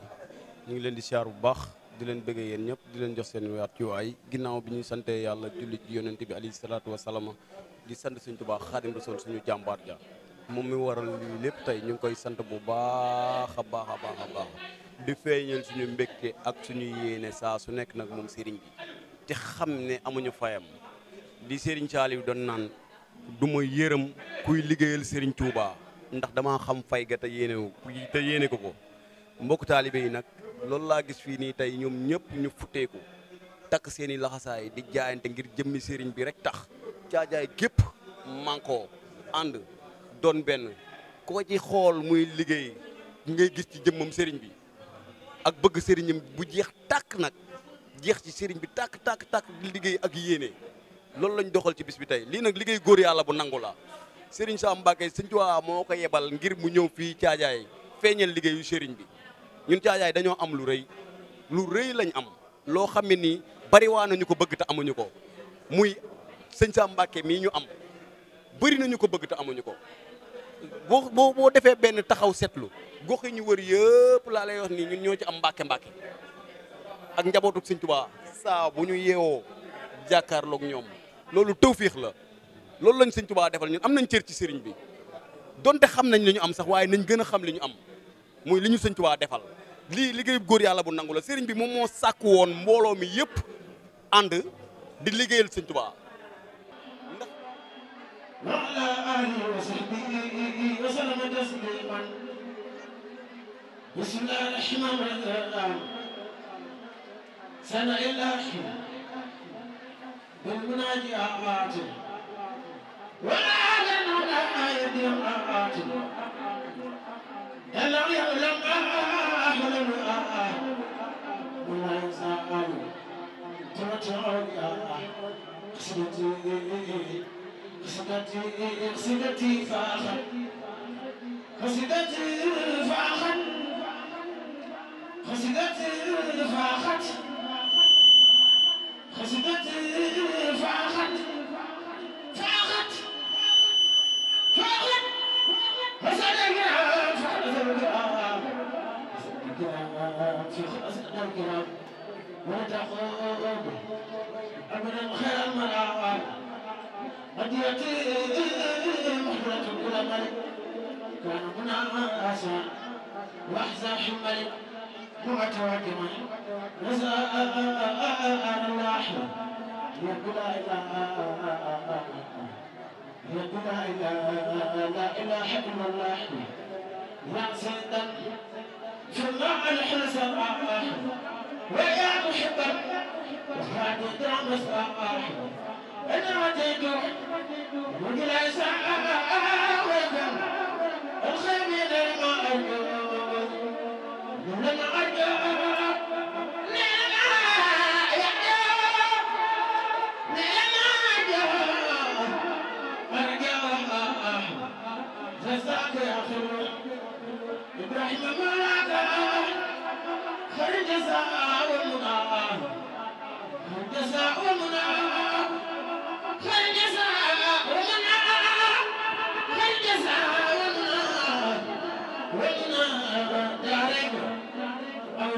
Speaker 13: ñu ngi leen di siyaar bu baax di leen bëggee yéen ñëpp di leen jox seen waat ci waay ginnaaw ñu sante yàlla julli ci yonent bi alayhi salaatu di sant suñ Tuubaa Xaadim Rasuul suñu jàmbaar ja moom mi waral lii lépp tey ñu ngi koy sant bu baax a baax a baax a baax di feeñal suñu mbégte ak suñu yéene saa su nekk nag moom sëriñ bi te xam ne amuñu fayam di sëriñ Saaliw doon naan du ma yërëm kuy liggéeyal sëriñ Tuubaa ndax dama xam fay ga te yéene te yéene ko ko mbokk taalibe yi nag loolu laa gis fii nii tey ñoom ñëpp ñu futteeku takk seeni laxasaay di jaayante ngir jëmmi sëriñ bi rek tax caajaay gépp manko ànd doon benn ko ci xool muy liggéey ngay gis ci jëmmam sëriñ bi ak bëgg sëriñam bu jeex tàkk nag jeex ci sëriñ bi tàkk tàkk tàkk liggéey ak yéene loolu lañ doxal ci bis bi tey lii nag liggéey góor yàlla bu nangu la sëriñ Sam Mbacké sëñ Tuubaa moo ko yebal ngir mu ñëw fii caajaay feeñal liggéeyu sëriñ bi ñun caajaay dañoo am lu rëy lu rëy lañ am loo xam ne nii bari waa nañu ko bëgg te amuñu ko muy sëñ Sam Mbacke mii ñu am bëri nañu ko bëgg te amuñu ko boo boo boo defee benn taxaw seetlu gox yi ñu wër yëpp laa lay wax nii ñun ñoo ci am Mbacke Mbacke ak njabootu sëñ Tuubaa saa bu ñu yeewoo jàkkaarloog ñoom loolu tawfiix la loolu lañ sëñ Tuubaa defal ñun am nañ cër ci sëriñ bi donte xam nañ lañu am sax waaye nañ gën a xam li ñu am muy li ñu sëñ Tuubaa defal lii liggéey góor yàlla bu nangu la sëriñ bi moom moo sàkk woon mbooloo mi yëpp ànd di liggéeyal sëñ Tuubaa
Speaker 6: وعلى آله
Speaker 9: وصحبه وسلم تسليما بسم الله
Speaker 7: الرحمن الرحيم سنة الله بالمناجي أعواته ولا قصيدتي فاخا
Speaker 9: قصيدتي فاخا قصيدتي فاخت
Speaker 6: قصيدتي فاخت
Speaker 9: فاخت فاخت
Speaker 6: قصدك في هديتي محرة كل ملك كان منعسا
Speaker 9: واحزى حملي متوكما نزاء اللحم
Speaker 7: يقول لا اله يقول لا اله لا اله الا الله يا سيدا في
Speaker 6: الله الحسن
Speaker 9: ويا محبا وهذه دعم الصباح جزاء ومنى جزاء ومنى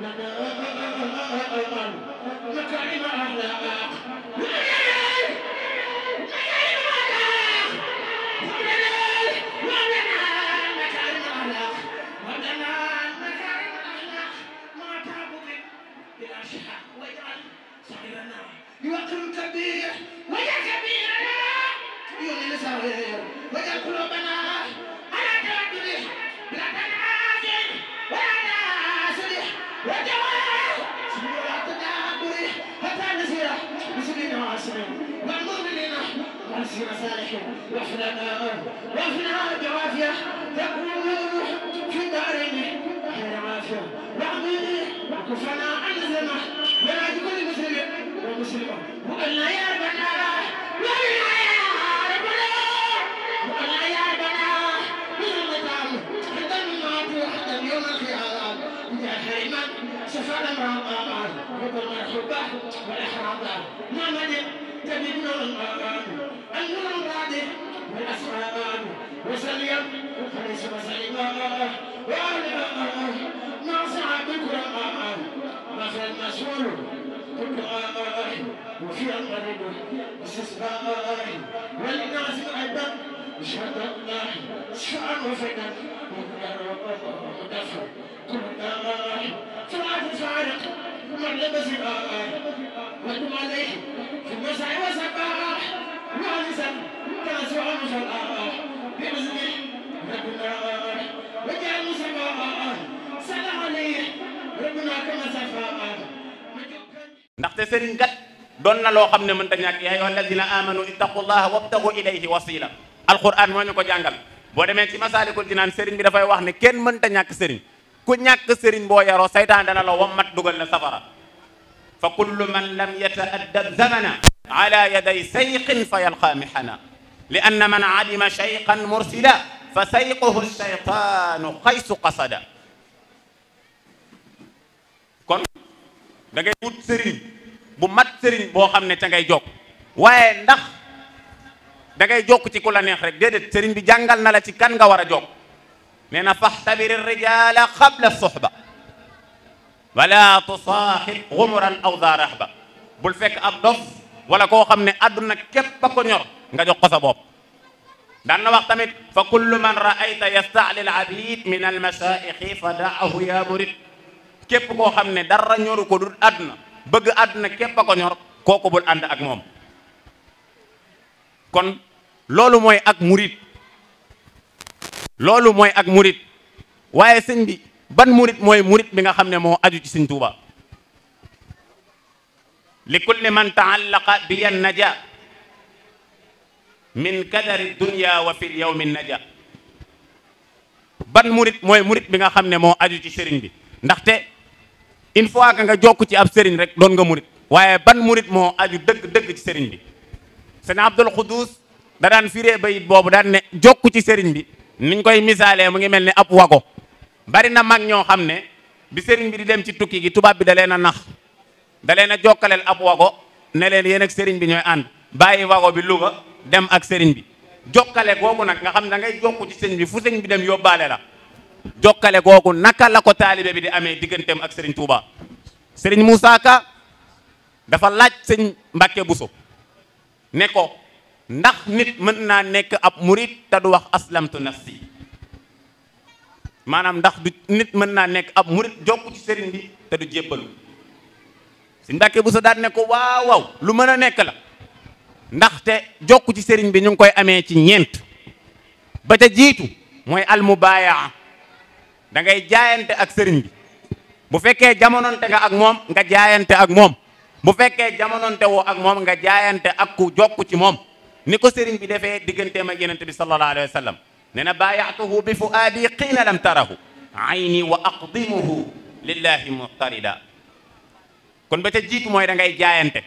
Speaker 9: لك إلى أن
Speaker 14: na loo xam ne mënta ñàkk yaa ayyuha alladina amanu ittaqullaha wabtagu ilayhi wasila alquran moo ñu ko jàngal boo demee ci masaalikul jinaan sëriñ bi dafay wax ne kenn mënta ñàkk sëriñ ku ñàkk sëriñ boo yaroo saytaan dana la wammat dugal la safara fa kullu man lam yata'addab zamana ala yaday sayqin fa yalqa mihana li anna man adima shayqan mursila fa sayquhu shaytaanu xaysu qasada kon da ngay wut sëriñ bu mat serigne bo xamne ne ca ngay jokk waye ndax da ngay jokk ci kula neex rek dedet serigne bi jàngal na la ci kan nga wara a jokk nee na rijal rijaala qabla suhba wala tusahib ghumran aw daa rahba bul fek ab dof wala ko xamne aduna kep képp ko ñor nga jox ko sa bopp daan na wax tamit fa kullu man raayta yasta'lil abid min almasaixi fa daahu ya murid kep ko xamne dara ñoru ko dul aduna bëgg àdduna képp a ko ñor kooku bul ànd ak moom kon loolu mooy ak murit loolu mooy ak murit waaye sëñ ban murit mooy murit bi nga xam ne moo aju ci sëñ Tuuba li kulli man taallaqa bi yan naja min kadari dunya wa fil yawmi naja ban murit mooy murit bi nga xam ne moo aju ci sëriñ bi ndaxte une fois que nga jokk ci ab sëriñ rek doon nga murit waaye ban murit moo aju dëgg dëgg ci sëriñ bi sëñ Abdul Xuduus da daan firee bayit boobu daan ne jokku ci sëriñ bi niñ koy misaalee mu ngi mel ni ab wago bari na mag ñoo xam ne bi sëriñ bi di dem ci tukki gi tubaab bi da leen a nax da leen a jokkaleel ab wago ne leen yéen ak sëriñ bi ñooy ànd bàyyi wago bi Louga dem ak sëriñ bi jokkale googu nag nga xam ne da ngay jokk ci sëriñ bi fu sëriñ bi dem yóbbaale la jokkale googu naka la ko taalibe bi di amee digganteem ak Serigne Touba Serigne Moussa Ka dafa laaj sëñ Mbacke Bousso ne ko ndax nit mën naa nekk ab murit te du wax aslamtu nafsi maanaam ndax du nit mën naa nekk ab murit jokk ci Serigne bi te du jébbalu sëñ Mbacke Bousso daal ne ko waaw waaw lu mën a nekk la ndaxte jokk ci Serigne bi ñu ngi koy amee ci ñeent ba ca jiitu mooy almubaaya da ngay jaayante ak sëriñ bi bu fekkee jamononte nga ak moom nga jaayante ak moom bu fekkee jamononte woo ak moom nga jaayante ak ku jokk ci moom ni ko bi defee digganteem ak yenente bi sallallahu alayhi wa sallam ne bi fuaadi qiina lam tarahu ayni wa aqdimuhu lillahi muqtarida kon ba ca jiitu mooy da ngay jaayante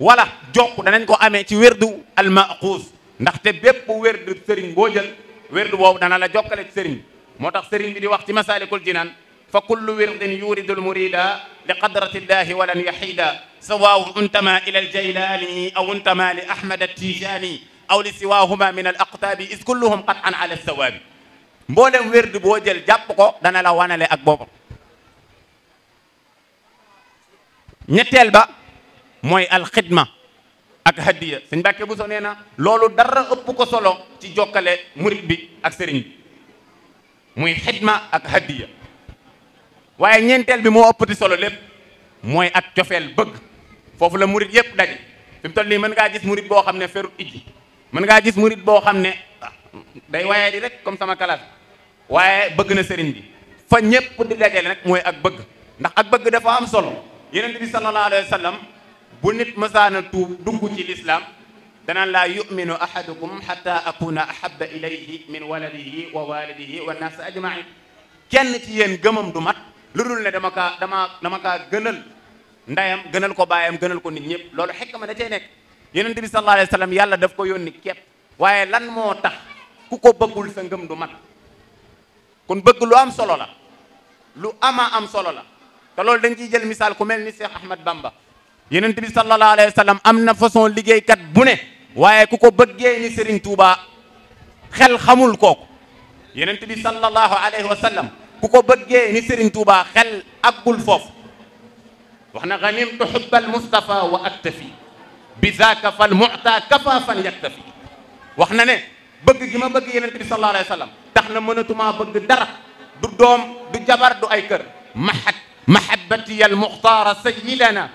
Speaker 14: wala jokk danañ ko amee ci wérdu almaquus ndaxte bépp wérdu sëriñ boo jël wérdu boobu dana la jokkale ci sëriñ moo tax sëriñ bi di wax ci masaalikul jinaan fa kullu wirdin yuridu almurida li qadrati illahi walan yaxiida sawaawun untama ila aljaylaani aw untama li ahmad altijaani aw li siwaahuma min al aqtaabi is kulluhum qat an ala sawaabi mboolem wérd boo jël jàpp ko dana la wanale ak boobu ñetteel ba mooy alxidma ak hadiya sëñ Mbàkke Buso nee na loolu dara ëpp ko solo ci jokkale murit bi ak sëriñ bi muy xidma ak hadiya waaye ñeenteel bi moo ëppati solo lépp mooy ak cofeel bëgg foofu la murit yëpp daje fi mu toll nii mën gis mourid bo xamne ne ferut ijji mën ngaa gis mourid bo xamne day waaye di rek comme sama kalaas waye bëgg na sëriñ bi fa ñëpp di dajale nak moy ak bëgg ndax ak bëgg dafa am solo yenenbi bi sallallahu alayhi wasallam bu nit mësaana tu dugg ci l'islam danaan laa yuminu ahadukum xata akuna ahaba ilayhi min waladihi wa walidihi wa naas ajmain kenn ci yéen gëmam du mat lu dul ne dama kaa dama dama kaa gënal ndeyam gënal ko baayam gënal ko nit ñëpp loolu xekk ma da cay nekk yonent bi sallallahu alayhi wa sallam yàlla daf ko yónni képp waaye lan moo tax ku ko bëggul sa ngëm du mat kon bëgg lu am solo la lu ama am solo la te loolu dañ ciy jël misaal ku mel ni Cheikh Ahmad Bamba yonent bi sallallahu alayhi wa sallam am na façon liggéeykat bu ne waye kuko beugé ni Serigne Touba xel xamul kooku yenen tibi sallallahu alayhi wa sallam ku ko ni Serigne Touba xel aggul foofu wax na ganimtu al Mustafa wa aktafi bi fal muta kafa fan yaktafi waxna ne beug gi ma beug yenen tibi sallallahu alayhi wa sallam tax na mënatumaa dara du dom du jabar du ay kër mahat mahabbatiya sayyidana sayidana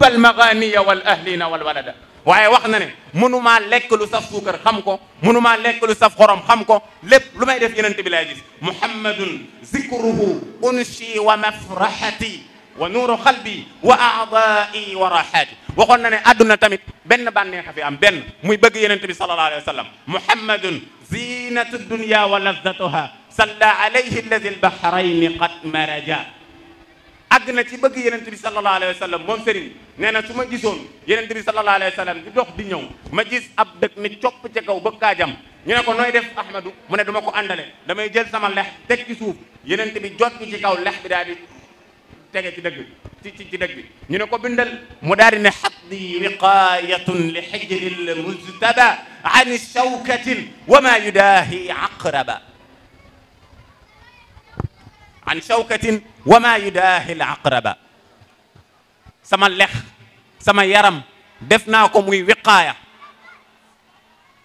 Speaker 14: al maghani wal ahlina wal walada waye wax na ne munuma lek lu saf sukar xam ko munuma lek lu saf xorom xam ko lépp lu may def yenente bi lay gis muhammadun zikruhu unshi wa mafrahati wa nur qalbi wa a'dha'i wa rahati waxon na ne aduna tamit ben banexa fi am ben muy bëgg yenente bi sallallahu alayhi wasallam muhammadun zinatu dunya wa lazzatuha salla alayhi alladi albahrayni qad maraja agna ci bëgg yenent bi sallallahu alayhi wasallam mom serigne neena suma gisoon yenent bi sallallahu alayhi wasallam sallam di dox di ñëw ma gis ab dëkk ni ciop ci kaw ba kaa jam ñu ne ko noy def ahmadu mu ne duma ko àndale damay jël sama lex tek ci suuf yenent bi jot ci kaw lex bi daal di tege ci dekk ci ci ci dëgg bi ñu ne ko bindal mu daal di ne haddi riqayatun li hijril mujtaba an shawkatin wama yudahi aqraba عن شوكة وما maa العقرب سما لخ سما يرم دفناكم def naa ko muy wiqaaya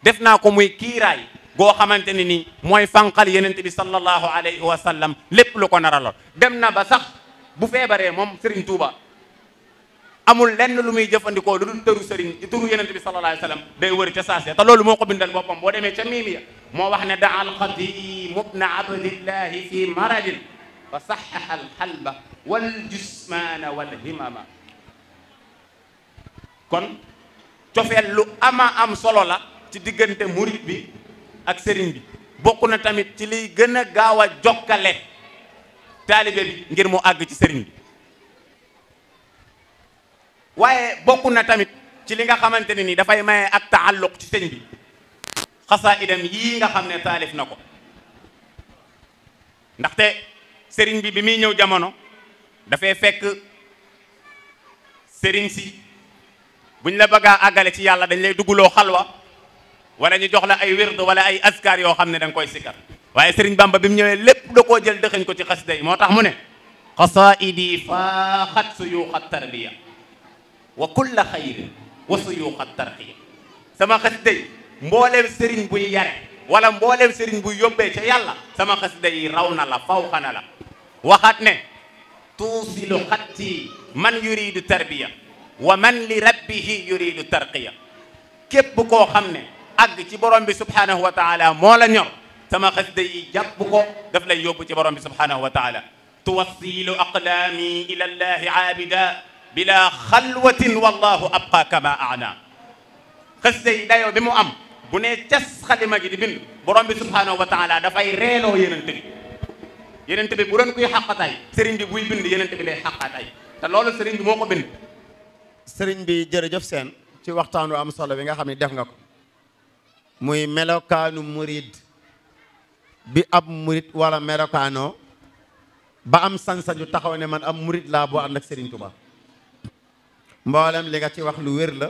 Speaker 14: def naa ko muy kiiraay goo xamante ne nii mooy fanqal yenente bi sallallahu alayhi wa sallam lépp lu ko naraloon dem na ba sax bu feebaree moom Serigne Touba amul len lu muy jëfandikoo lu dul tëru Serigne tëru yenente bi sallallahu alayhi wa sallam day wër ci saase ta loolu moko bindal bopam bo démé ci miimiya mo wax ne al qadi mubna abdillah fi maradin فصحح القلب والجسمان والهمم كون توفيل لو اما ام سولو لا تي ديغنت موريد بي اك سيرين بي بوكنا تاميت تي لي غنا غاوا جوكالي طالب بي غير مو اغ تي سيرين بي وايي بوكنا تاميت تي ليغا خامتاني ني دا فاي ماي اك تعلق تي سيرين بي خصائدم ييغا خامني طالب serigne bi bi mi ñëw jamono fay fekk serigne si buñ la bëgga agalé ci yàlla dañ lay dugguloo xalwa wala ñu jox la ay wird wala ay askar yo xamne ne koy sikkar waye sëriñ bamba bi mu ñewé lépp da ko jël dëxëñ ko ci khasida yi motax mu ne khat faaxat suyuuxa tarbiya wa kull khair wa suyuuxa tarxiya sama khasida yi mbooleem sëriñ buy yare wala mbooleem sëriñ bu yobbe ci yàlla sama khasida yi rawna la fawkhana la وخاتني توصل خطي من يريد التربيه ومن لربه يريد الترقيه كيب كو خامني اغ سي بروم بي سبحانه وتعالى مولا نيور تما خس داي جاب كو داف لا يوب سي بروم بي سبحانه وتعالى توصل اقلامي الى الله عابدا بلا خلوه والله ابقى كما اعنى خس دايو بمو ام بو ني تيس خليما جي وتعالى دا فاي ريلو yenente bi bu doon kuy xàqataay sëriñ bi buy bind yenente bi lay xàqataay te loolu sëriñ bi jërëjëf seen
Speaker 15: ci waxtaanu am solo bi nga xam ne def nga ko muy melokaanu muriid bi ab murid walla melokaanoo ba am sañ-sañu taxaw ne man am murid laa boo ànd ak sëriñ Tuubaa mboolem li nga ci wax lu wér la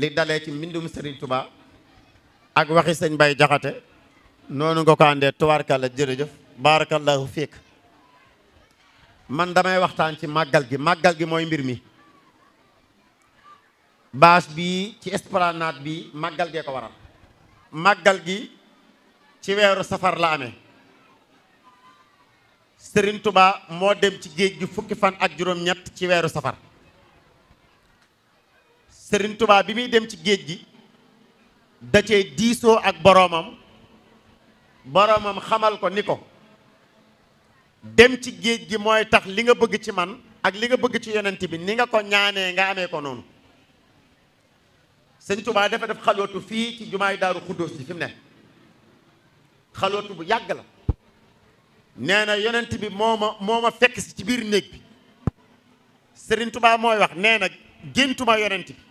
Speaker 15: li dalee ci mbindum sëriñ tubaa ak waxi sëñ Bay Jaxate noonu nga ko àndee tubaarkàlla jërëjëf baarakallahu fiik man damay waxtaan ci màggal gi màggal gi mooy mbir mi baas bii ci esplanade bi màggal gee ko waral màggal gi ci weeru safar la amee Sëriñ tubaa moo dem ci géej gi fukki fan ak juróom-ñett ci weeru safar Sëriñ tubaa bi muy dem ci géej gi da cee diisoo ak boroomam boroomam xamal ko ni ko dem ci géej gi mooy tax li nga bëgg ci man ak li nga bëgg ci yonent bi ni nga ko ñaanee nga amee ko noonu sëñ Tuubaa dafa def xalootu fii ci jumaay daaru xuddoos ji fi mu ne xalootu bu yàgg la nee na yonent bi moo ma moo ma fekk ci biir néeg bi sëriñ Tuubaa mooy wax nee na géntuma yonent bi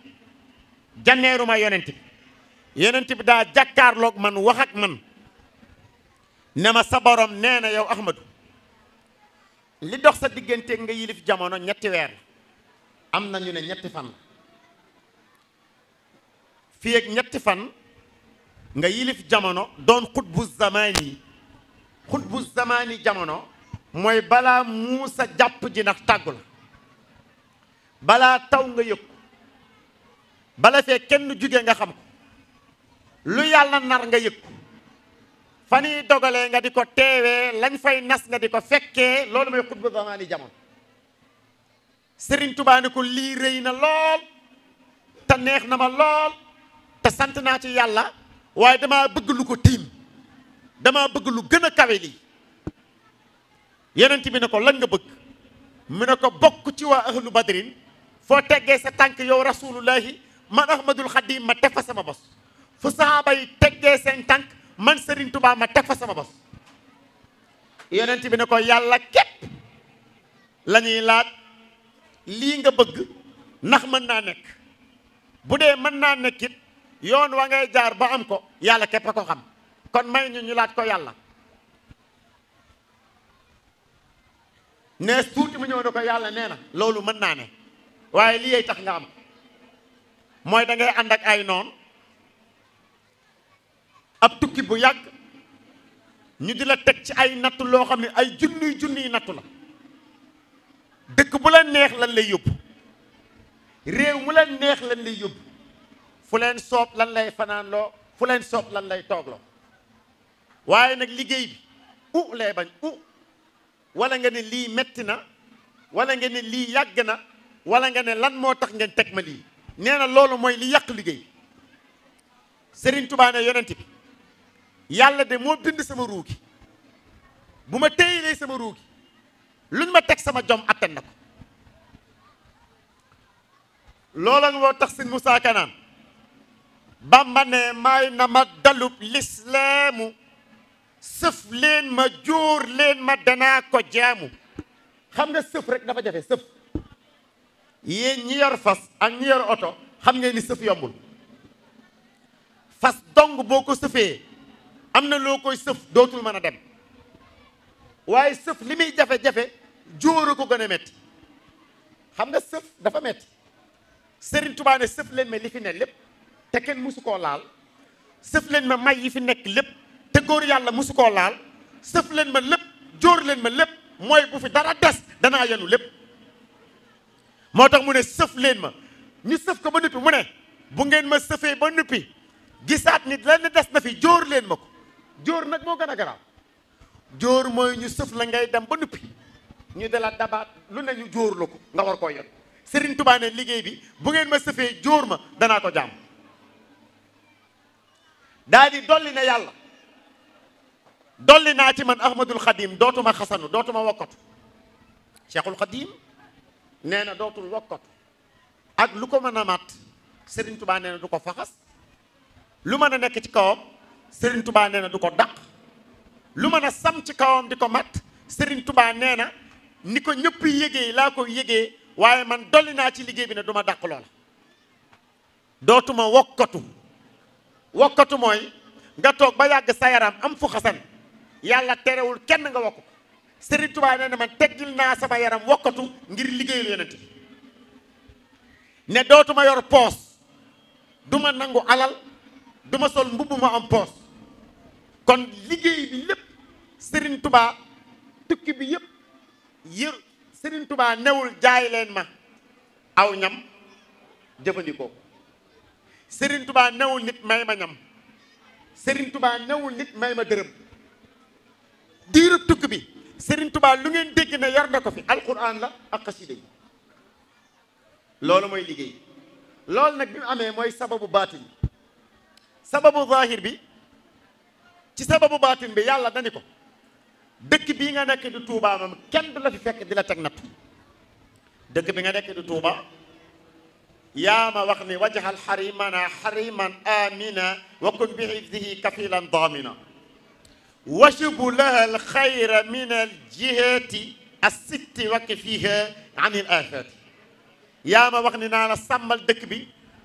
Speaker 15: janneeruma yonent bi yonent bi daal jàkkaarloog man wax ak man ne ma sa borom nee na yow Ahmadou li dox sa diggante nga yilif jamono ñetti weer am na ne ñetti fan fi ak ñetti fan nga yilif jamono doon xutbu zamaani xutbu zamaani jamono mooy balaa muusa jàpp ji ndax tàggu la balaa taw nga yëg bala fee kenn jóge nga xam ko lu yàlla nar nga yëg fan yi dogalee nga di ko teewee lañ fay nas nga di ko fekkee loolu mooy xutba zamaani jamono Serigne Touba ni ko lii rëy na lool te neex na ma lool te sant naa ci yàlla waaye damaa bëgg lu ko tiim damaa bëgg lu gën a kawe lii yenent bi ne ko lan nga bëgg mu ne ko bokk ci waa ahlu badrin foo teggee sa tànk yow rasulullahi man ahmadul xadim ma teg fa sama bos fu sahaaba yi teggee seen tànk man Serigne tubaab ma teg fa sama bos yonent bi ne ko yàlla képp la ñuy lii nga bëgg ndax mën naa nekk bu dee mën naa nekkit yoon wa ngay jaar ba am ko yàlla képp a ko xam kon may ñu ñu laaj ko yàlla nees tuuti mu yàlla nee na loolu mën naa ne waaye lii yey tax nga am mooy da ngay ànd ak ay noon ab tukki bu yàgg ñu di la teg ci ay nattu loo xam ne ay junniy junniy nattu la dëkk bu la neex lan lay yóbbu réew mu la neex lan lay yóbbu fu leen soob lan lay fanaan loo fu leen soob lan lay toog loo waaye nag liggéey bi u lay bañ u wala nga ne lii metti na wala nga ne lii yàgg na walla nga ne lan moo tax ngeen teg ma lii nee na loolu mooy li yàq liggéey Serigne Touba ne bi yàlla de moo bind sama ruu bu ma téyilee sama ruu gi luñ ma teg sama jom attan na ko loola nga woo tax sëñ Moussa Kanaan Bamba ne may na ma dalub lislaamu sëf leen ma jóor leen ma danaa ko jaamu xam nga sëf rek dafa jafe sëf yéen ñi fas ak ñi oto xam ngeen ni sëf yombul fas dong boo ko sëfee am na loo koy sëf dootul mën a dem waaye sëf li muy jafe-jafe jóor ko gën a métti xam nga sëf dafa metti Serigne Touba ne sëf leen ma li fi ne lépp te kenn musu koo laal sëf leen ma may yi fi nekk lépp te góor yàlla musu koo laal sëf leen ma lépp jóor leen ma lépp mooy bu fi dara des danaa yenu lépp moo tax mu ne sëf leen ma ñu sëf ko ba nuppi mu ne bu ngeen ma sëfee ba nuppi gisaat ni lenn des na fi jóor leen ma ko jóor nag moo gën a garaaw jóor mooy ñu sëf la ngay dem ba nuppi ñu dala dabaat lu ne ñu jóor la ko nga war koo yor Serigne Touba liggéey bi bu ngeen ma sëfee jóor ma danaa ko jàmm daa di dolli na yàlla dolli naa ci man Ahmadul Xadim dootuma xasanu dootuma wokkatu Cheikhul Xadim nee na dootul wokkatu ak lu ko mën a mat sëriñ Touba du ko faxas lu mën a nekk ci kawam Serigne Touba nee na du ko dàq lu mën a sam ci kawam di ko mat Serigne Touba nee na ni ko ñëpp yëgee laa ko yëgee waaye man dolli naa ci liggéey bi ne duma ma dàq loola dootuma wokkatu wokkatu mooy nga toog ba yàgg sa yaram am fu xasan yàlla terewul kenn nga wokk Serigne Touba nee na man teggil naa sama yaram wokkatu ngir liggéeyul yonent bi ne dootuma yor poos duma nangu alal du ma sol mbubb ma am poos kon liggéey bi lépp Serigne Touba tukki bi yëpp yër Serigne Touba newul jaay leen ma aw ñam jëfandikoo Serigne Touba newul nit may ma ñam Serigne Touba newul nit may ma dërëm diirub tukki bi Serigne Touba lu ngeen dégg ne yar na ko fi alquran la ak xasida yi loolu mooy liggéey loolu nag bi mu amee sababu baatin سبب zahir بي ci sababu baatin bi yàlla dani ko dëkk bii nga nekk di Touba moom kenn du la fi fekk di la teg dëkk bi nga nekk di Touba yaa ma wax wajhal xarimana xariman amina wa kun bi hifdihi kafilan damina wajubu laha alxayra min aljihati assitti wa kafiha an al aafati yaa ma wax ni la sàmmal dëkk bi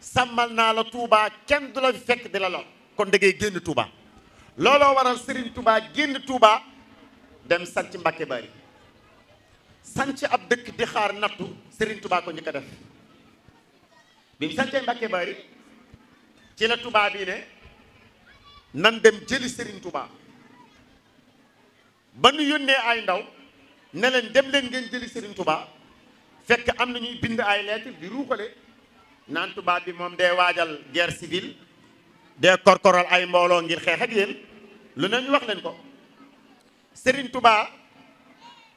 Speaker 15: sàmmal naa la tuubaa kenn du la fekk di la lool kon da ngay génn Touba looloo waral sëriñ Touba génn Touba dem sanc Mbacke Bari sanc ab dëkk di xaar nattu Serigne Touba ko njëkk a def bi mu sancee Mbacke Bari ci la Touba bi ne nan dem jëli sëriñ Touba ba nu yónnee ay ndaw ne leen dem leen ngeen jëli Serigne Touba fekk am na ñuy bind ay lettre bi ruuxale naan tubaab bi moom day waajal guerre civile day korkoral ay mbooloo ngir xeex ak lu ne ñu wax leen ko Serigne tubaa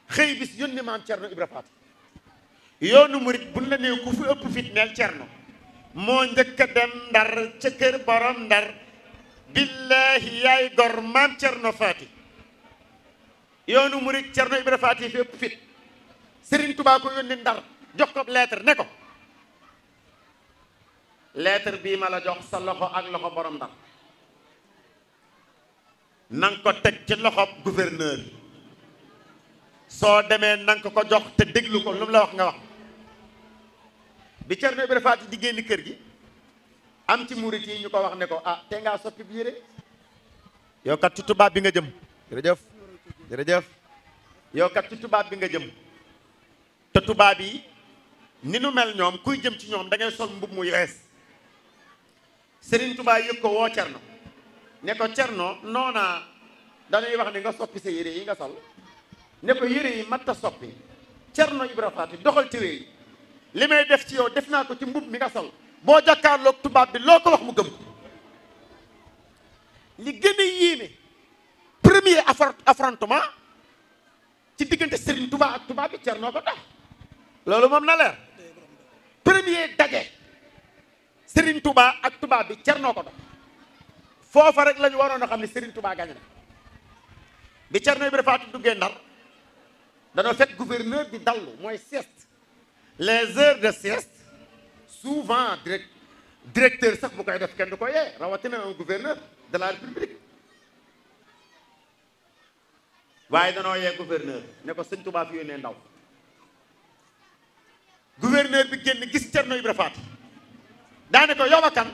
Speaker 15: xëy bis yónni maam Thierno Ibra Faty yoonu murit buñ ku fi ëpp fit neel Thierno moo njëkk a dem ndar ca kër borom ndar billahi yaay gor maam Thierno Faty yoonu murit Thierno Ibra Faty fi ëpp fit Serigne Touba ko yónni ndar jox ko lettre ne ko lettre bii ma la jox sa loxo ak loxo borom Ndar na nga ko teg ci loxo gouverneur soo demee na ko ko jox te déglu ko lu mu la wax nga wax bi Cerno Ibra Faati di génn kër gi am ci murit yi ñu ko wax ne ko ah te ngaa soppi bi yére yow kat ci tubaab bi nga jëm jërëjëf jërëjëf yow tubaab bi nga jëm te tubaab yi ni nu mel ñoom kuy jëm ci ñoom da ngay sol mbub mu yees Serigne Touba yëg ko woo Cerno ne ko Cerno noona dañuy wax ne nga soppi sa yére yi nga sol ne ko yére yi matta soppi Cerno Ibra Faati doxal téere yi li may def ci yow def naa ko ci mbub mi nga sol boo jàkkaarlook tubaab bi loo ko wax mu gëm ko li gën a yéeme premier affrontement ci diggante Serigne Touba ak tubaab bi Cerno ko tax loolu moom na leer premier daje Serigne tubaa ak tubaa bi Cerno ko dox foofa rek la waroon a xam ne Serigne Touba gañ na bi Cerno Ibra Faati duggee Ndar dañoo fekk gouverneur bi dallu mooy sieste les heures de sieste souvent direct directeur sax bu koy def kenn du ko yee rawatina un gouverneur de la république waaye danoo yee gouverneur ne ko sëñ Touba fi yónnee ndaw gouverneur bi génn gis Cerno Ibra Faati daane ko yow a kan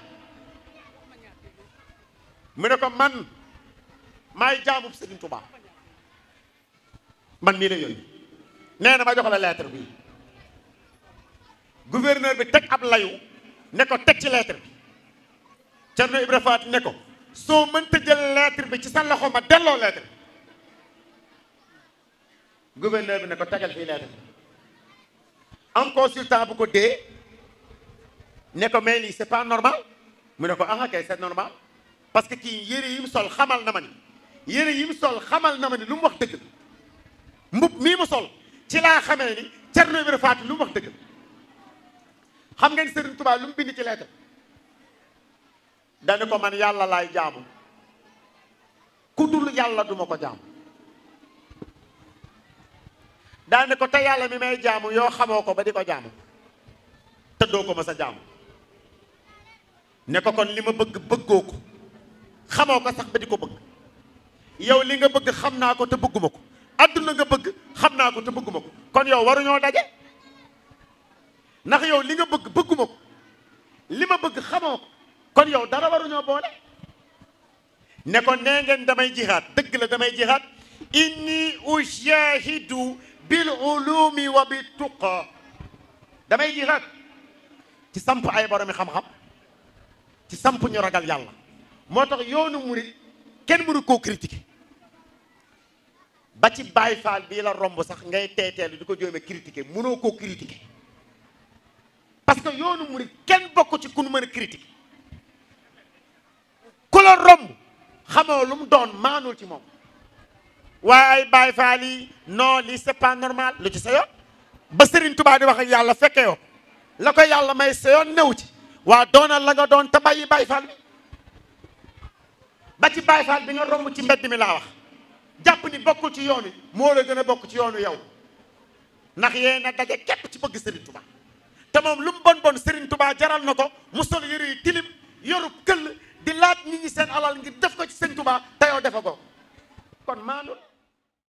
Speaker 15: mu ne ko man maay jaamu Serigne Touba man mii la yooyu nee na ma jox la lettre bi gouverneur bi teg ab layu ne ko teg ci lettre bi Thierno Ibra Faty ne ko soo mënta jël lettre bi ci sa loxo ma delloo lettre bi gouverneur bi ne ko tegal fii lettre bi am consultant bu ko dee ne ko mais c'est pas normal mu ne ko ah kay c'est normal parce que ki yere yim sol xamal na man yere yim sol xamal na man lu mu wax deug mbub mi mu sol ci la xamé ni Cerno bi rafat lu mu wax deug xam ngeen Serigne Touba lu mu bind ci lettre dani ko man yalla lay jaamu ku dul yalla duma ko jaamu ko tayalla mi may jaamu yo xamoko ba diko te do ko ma sa nekko ko kon li ma bëgg bëggoo ko xamoo ko sax ba di ko bëgg yow li nga bëgg xam naa ko te bëgguma ko adduna nga bëgg xam naa ko te bëgguma ko kon yow waruñoo daje ndax yow li nga bëgg bëgguma ko li ma bëgg xamoo kon yow dara waruñoo boole ne ko nee ngeen damay jihaad dëgg la damay jihaad inni ujahidu bil ulumi wa bi tuqa damay jihaad ci samp ay boromi xam-xam ci samp ñu ragal yàlla moo tax yoonu murit kenn mënu koo critiquer ba ci Baay Faal bii la romb sax ngay teeteelu di ko jóome critiquer mënoo koo critiquer parce que yoonu muri kenn bokk ci ku nu mën a critiquer ku la romb xamoo lu mu doon maanul ci moom waaye ay Baay Faal yi non lii c'est pas normal lu ci sa ba Serigne tubaab di wax yàlla fekke yoo la ko yàlla may sa new ci waa doonal la nga doon te bàyyi Baay Faal bi ba ci Baay bi nga romb ci mbedd mi laa wax jàpp ni bokkul ci yoon wi moo la gën a bokk ci yoonu yow ndax yéen a daje képp ci bëgg Serigne Touba te moom lu mu bon bon Serigne Touba jaral na ko mu sol yëre yi tilim yorub këll di laaj nit ñi seen alal ngir def ko ci Serigne Touba te yow defe ko kon maanul